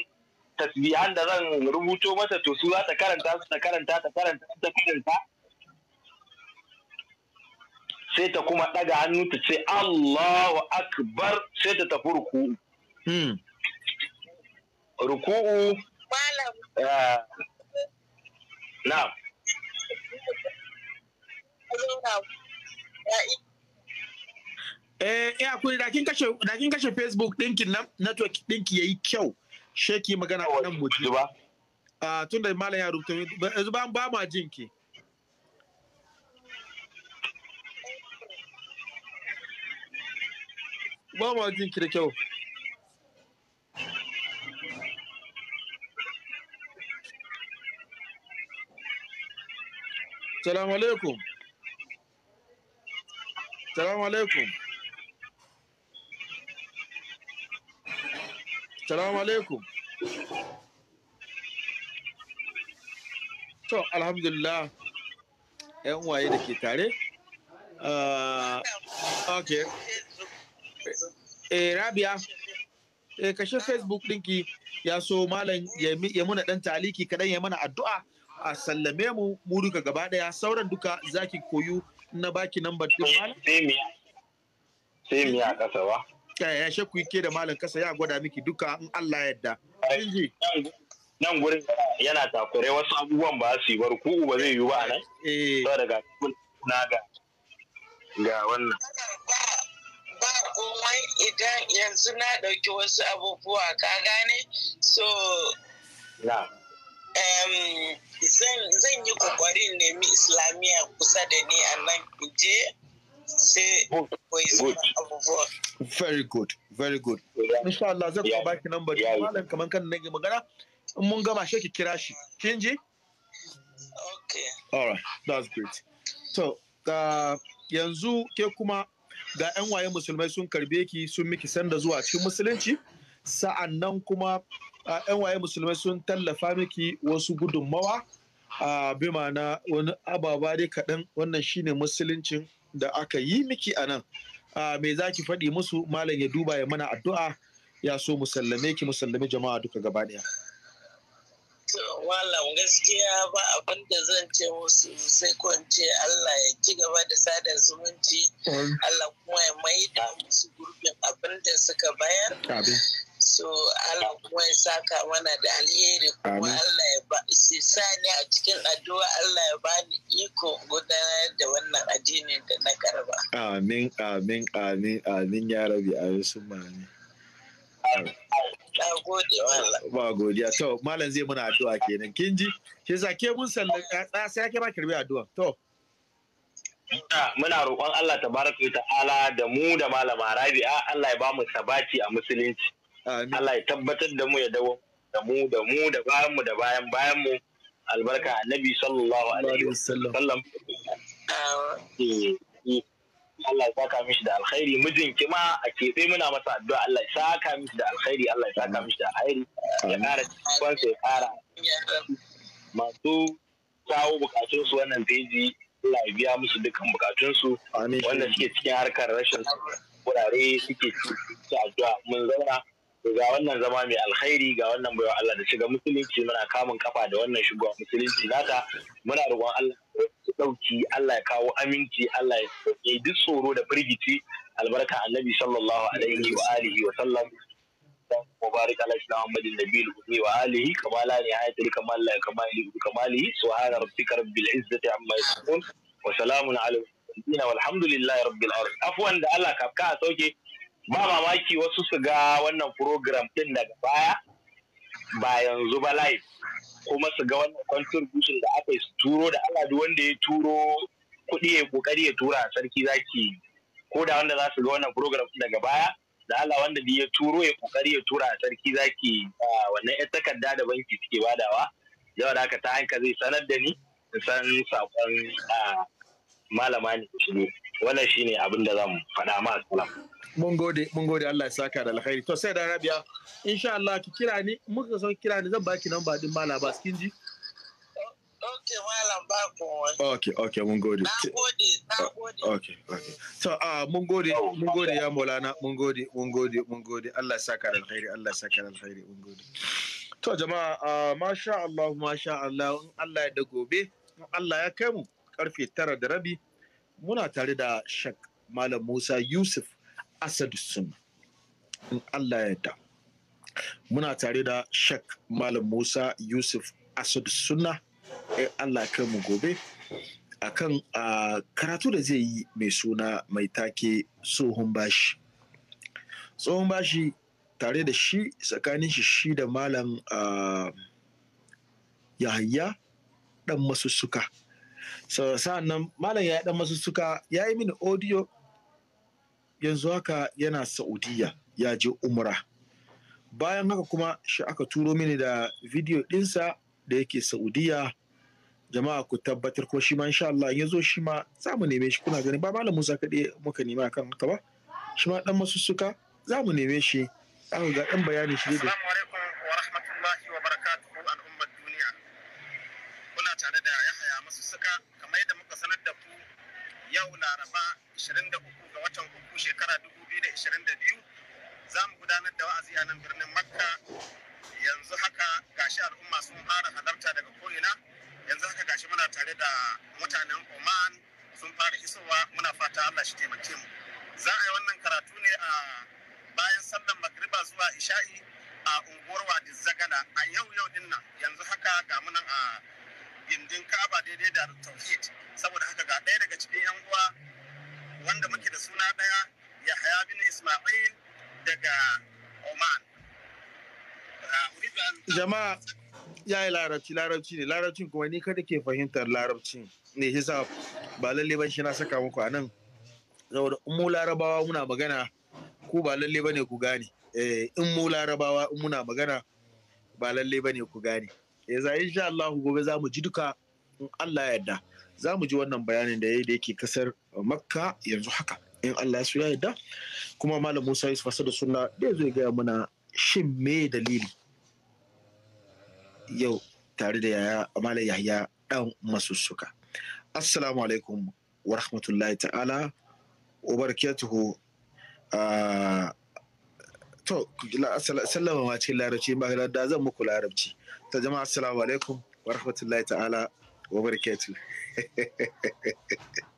tasbihan da zan rubuto mata to su za ta karanta su ta karanta ta karanta ta karanta sai ta kuma ɗaga hannu ta ce Allahu akbar sai ta tafi ruku'u. Hmm. Ruku'u na'am Eh, ya eh, kuri da kin kashe da kin kashe Facebook dinkin nan network dinki yayi kyau. Sheki magana a nan mutu. Ba. Ah, tun da malam ya rubuta yanzu ba ba ma jin ki. Ba ma jin da kyau. Salamu alaikum. Salamu alaikum. Salamu alaikum. To, alhamdulillah, ‘yan waye da ke tare? Uh, ok. Eh, Rabia, eh, kashe Facebook dinki ya so malam ya muna ɗan taliki kaɗan ya mana addu'a. a sallame mu mu duka gaba daya sauran duka zaki koyu na baki number din malam sai mu a kasa ba ya she yake ke da malam kasa ya gwada miki duka in Allah yadda nan gurin yana takure wasu abubuwan ba su yi bar ku ba zai yi ba nan eh daga na ga ga wannan ba komai idan yanzu na ɗauki wasu abubuwa ka gane so zan yi kokarin nemi islamiyya kusa da ni a nan je sai abubuwa. Very good, very good. Insha Allah kuma baki malam kan magana in mun gama shi ki kira shi. Kin ji? Okay. All right, that's great. So, yanzu ke kuma ga 'yan waye musulmai sun karbe ki sun miki sanda zuwa cikin musulunci sa'an nan kuma 'yan waye musulmai sun tallafa miki wasu gudunmawa a bi ma'ana wani ababa dai kaɗan wannan shine musuluncin da aka yi miki a nan me za ki faɗi musu malam ya duba ya mana addu'a ya so musallame ki musallame jama'a duka gaba ɗaya. gaskiya ba abin da zan ce musu sai kwance Allah ya ci gaba da sada zumunci Allah kuma ya maida musu gurbin abin da suka bayar so Allah kuma ya saka mana da alheri kuma Allah ya ba sai sani a cikin addu'a Allah ya bani iko gudanar da wannan addinin da na karba amin amin amin amin ya rabi a yusun mani ba godiya to malam zai muna addu'a kenan kin ji shi sa ke mun sallan sai ke ba kirbi addu'a to muna roƙon Allah tabaraka ta'ala da mu da malama Rabi'a Allah ya ba mu sabaci a musulunci Allah ya tabbatar da mu ya dawo da mu da mu da bayan mu da bayan bayan mu albarka annabi sallallahu alaihi wasallam eh, eh, Allah ya saka mishi da alkhairi mijin kima a kebe muna masa addu'a Allah ya saka mishi da alkhairi Allah ya saka mishi da alkhairi ya ƙara cikin ya kara. masu kawo bukatun su wannan feji Allah ya biya musu dukkan bukatun su wanda suke cikin harkar rashin wurare suke ci addu'a mun zauna ga wannan zama mai alkhairi ga wannan baiwa Allah da shiga musulunci muna kamun kafa da wannan shiga musulunci naka muna roƙon Allah ya dauki Allah ya kawo aminci Allah ya yi duk tsoro da firgici albarka annabi sallallahu alaihi wa alihi wa sallam mubarak ala shi Muhammadin nabiyil ummi wa alihi kama la nihayata li kamal la kamal li kamali subhana rabbika rabbil izzati amma yasifun wa salamun ala al-mursalin walhamdulillahi rabbil alamin afwan da Allah ka ka sauke ba mamaki wasu su ga wannan program din daga baya ba yanzu ba live kuma su ga wannan contribution da aka yi su turo da aladu wanda ya turo kuɗi ya kokari ya tura a sarki zaki ko da wanda za su ga wannan program daga baya da Allah wanda da ya turo ya kokari ya tura a sarki zaki a wannan yan takarda da banki suke badawa yau da haka ta hanka zai sanar da ni in san sakon malama ne ne wannan shine abin da zan faɗa ma assalam mun gode mun gode Allah ya saka da alkhairi to sai da rabiya insha Allah ki kira ni muka so kira ni zan baki namba din malam ba kin ji Okay, malam ba kowa. Okay, okay, mun gode. Na gode, na gode. Okay, okay. So, mun gode, mun gode ya Maulana, mun gode, mun gode, mun gode. Allah ya saka da alkhairi, Allah ya saka da alkhairi, mun gode. To jama'a, masha Allah, masha Allah, in Allah ya da gobe, Allah ya kai mu karfe tara da rabi, muna tare da Shak Malam Musa Yusuf asadu suna in Allah ya da muna tare da shek malam musa yusuf asadu suna in eh, Allah kai mu gobe kan karatu da zai yi mai suna mai take tsohon bashi tsohon bashi tare da shi tsakanin shi shi da malam yahaya dan masussuka sa'an nan malam ya dan masussuka ya yi mini audio yanzu haka yana Saudiya ya je Umra. Bayan haka kuma shi aka turo mini da video ɗinsa da yake Saudiya jama'a ku tabbatar ko shi ma insha Allah in yazo shi ma za mu neme shi kuna gani ba malam Musa kaɗai muka nema kan haka ba shi ma dan masussuka za mu neme shi za ga dan bayani shi da tare da Yahaya masu suka kamar yadda muka sanar da ku yau Laraba 24. watan uku shekara 2022 za mu gudanar da wa'azi a nan birnin makka yanzu haka gashi al'umma sun fara halarta daga ko'ina yanzu haka gashi muna tare da mutanen oman sun fara isowa muna fata allah shi taimake mu za a yi wannan karatu ne a bayan sallan magriba zuwa isha'i a unguwar wadi zagala a yau yau din nan yanzu haka ga munan a gindin kaba daidai da tauhid saboda haka ga ɗaya daga cikin yan uwa wanda muke da suna ɗaya ya haya bin Ismail daga Oman. Uh, Jama'a ya yi larabci larabci ne larabcin kuma ni kada ke fahimtar larabci ne hisa ba lalle ban shi na saka muku a nan saboda in mu larabawa muna magana ku ba lalle ba ne ku gane eh, in mu larabawa in muna magana ba lalle ba ne ku gane Ya eh, za insha Allah gobe za mu ji duka in Allah ya yarda za mu ji wannan bayanin da yi da yake kasar makka yanzu haka in Allah su ya yadda kuma malam Musa Yusuf da Sunna da zai gaya mana shin me dalili yau tare da yaya malam Yahya dan masussuka assalamu alaikum wa rahmatullahi ta'ala wa barakatuhu ah, to sallama ma ce larabci ba da zan muku larabci ta jama'a assalamu alaikum wa rahmatullahi ta'ala wa barakatuh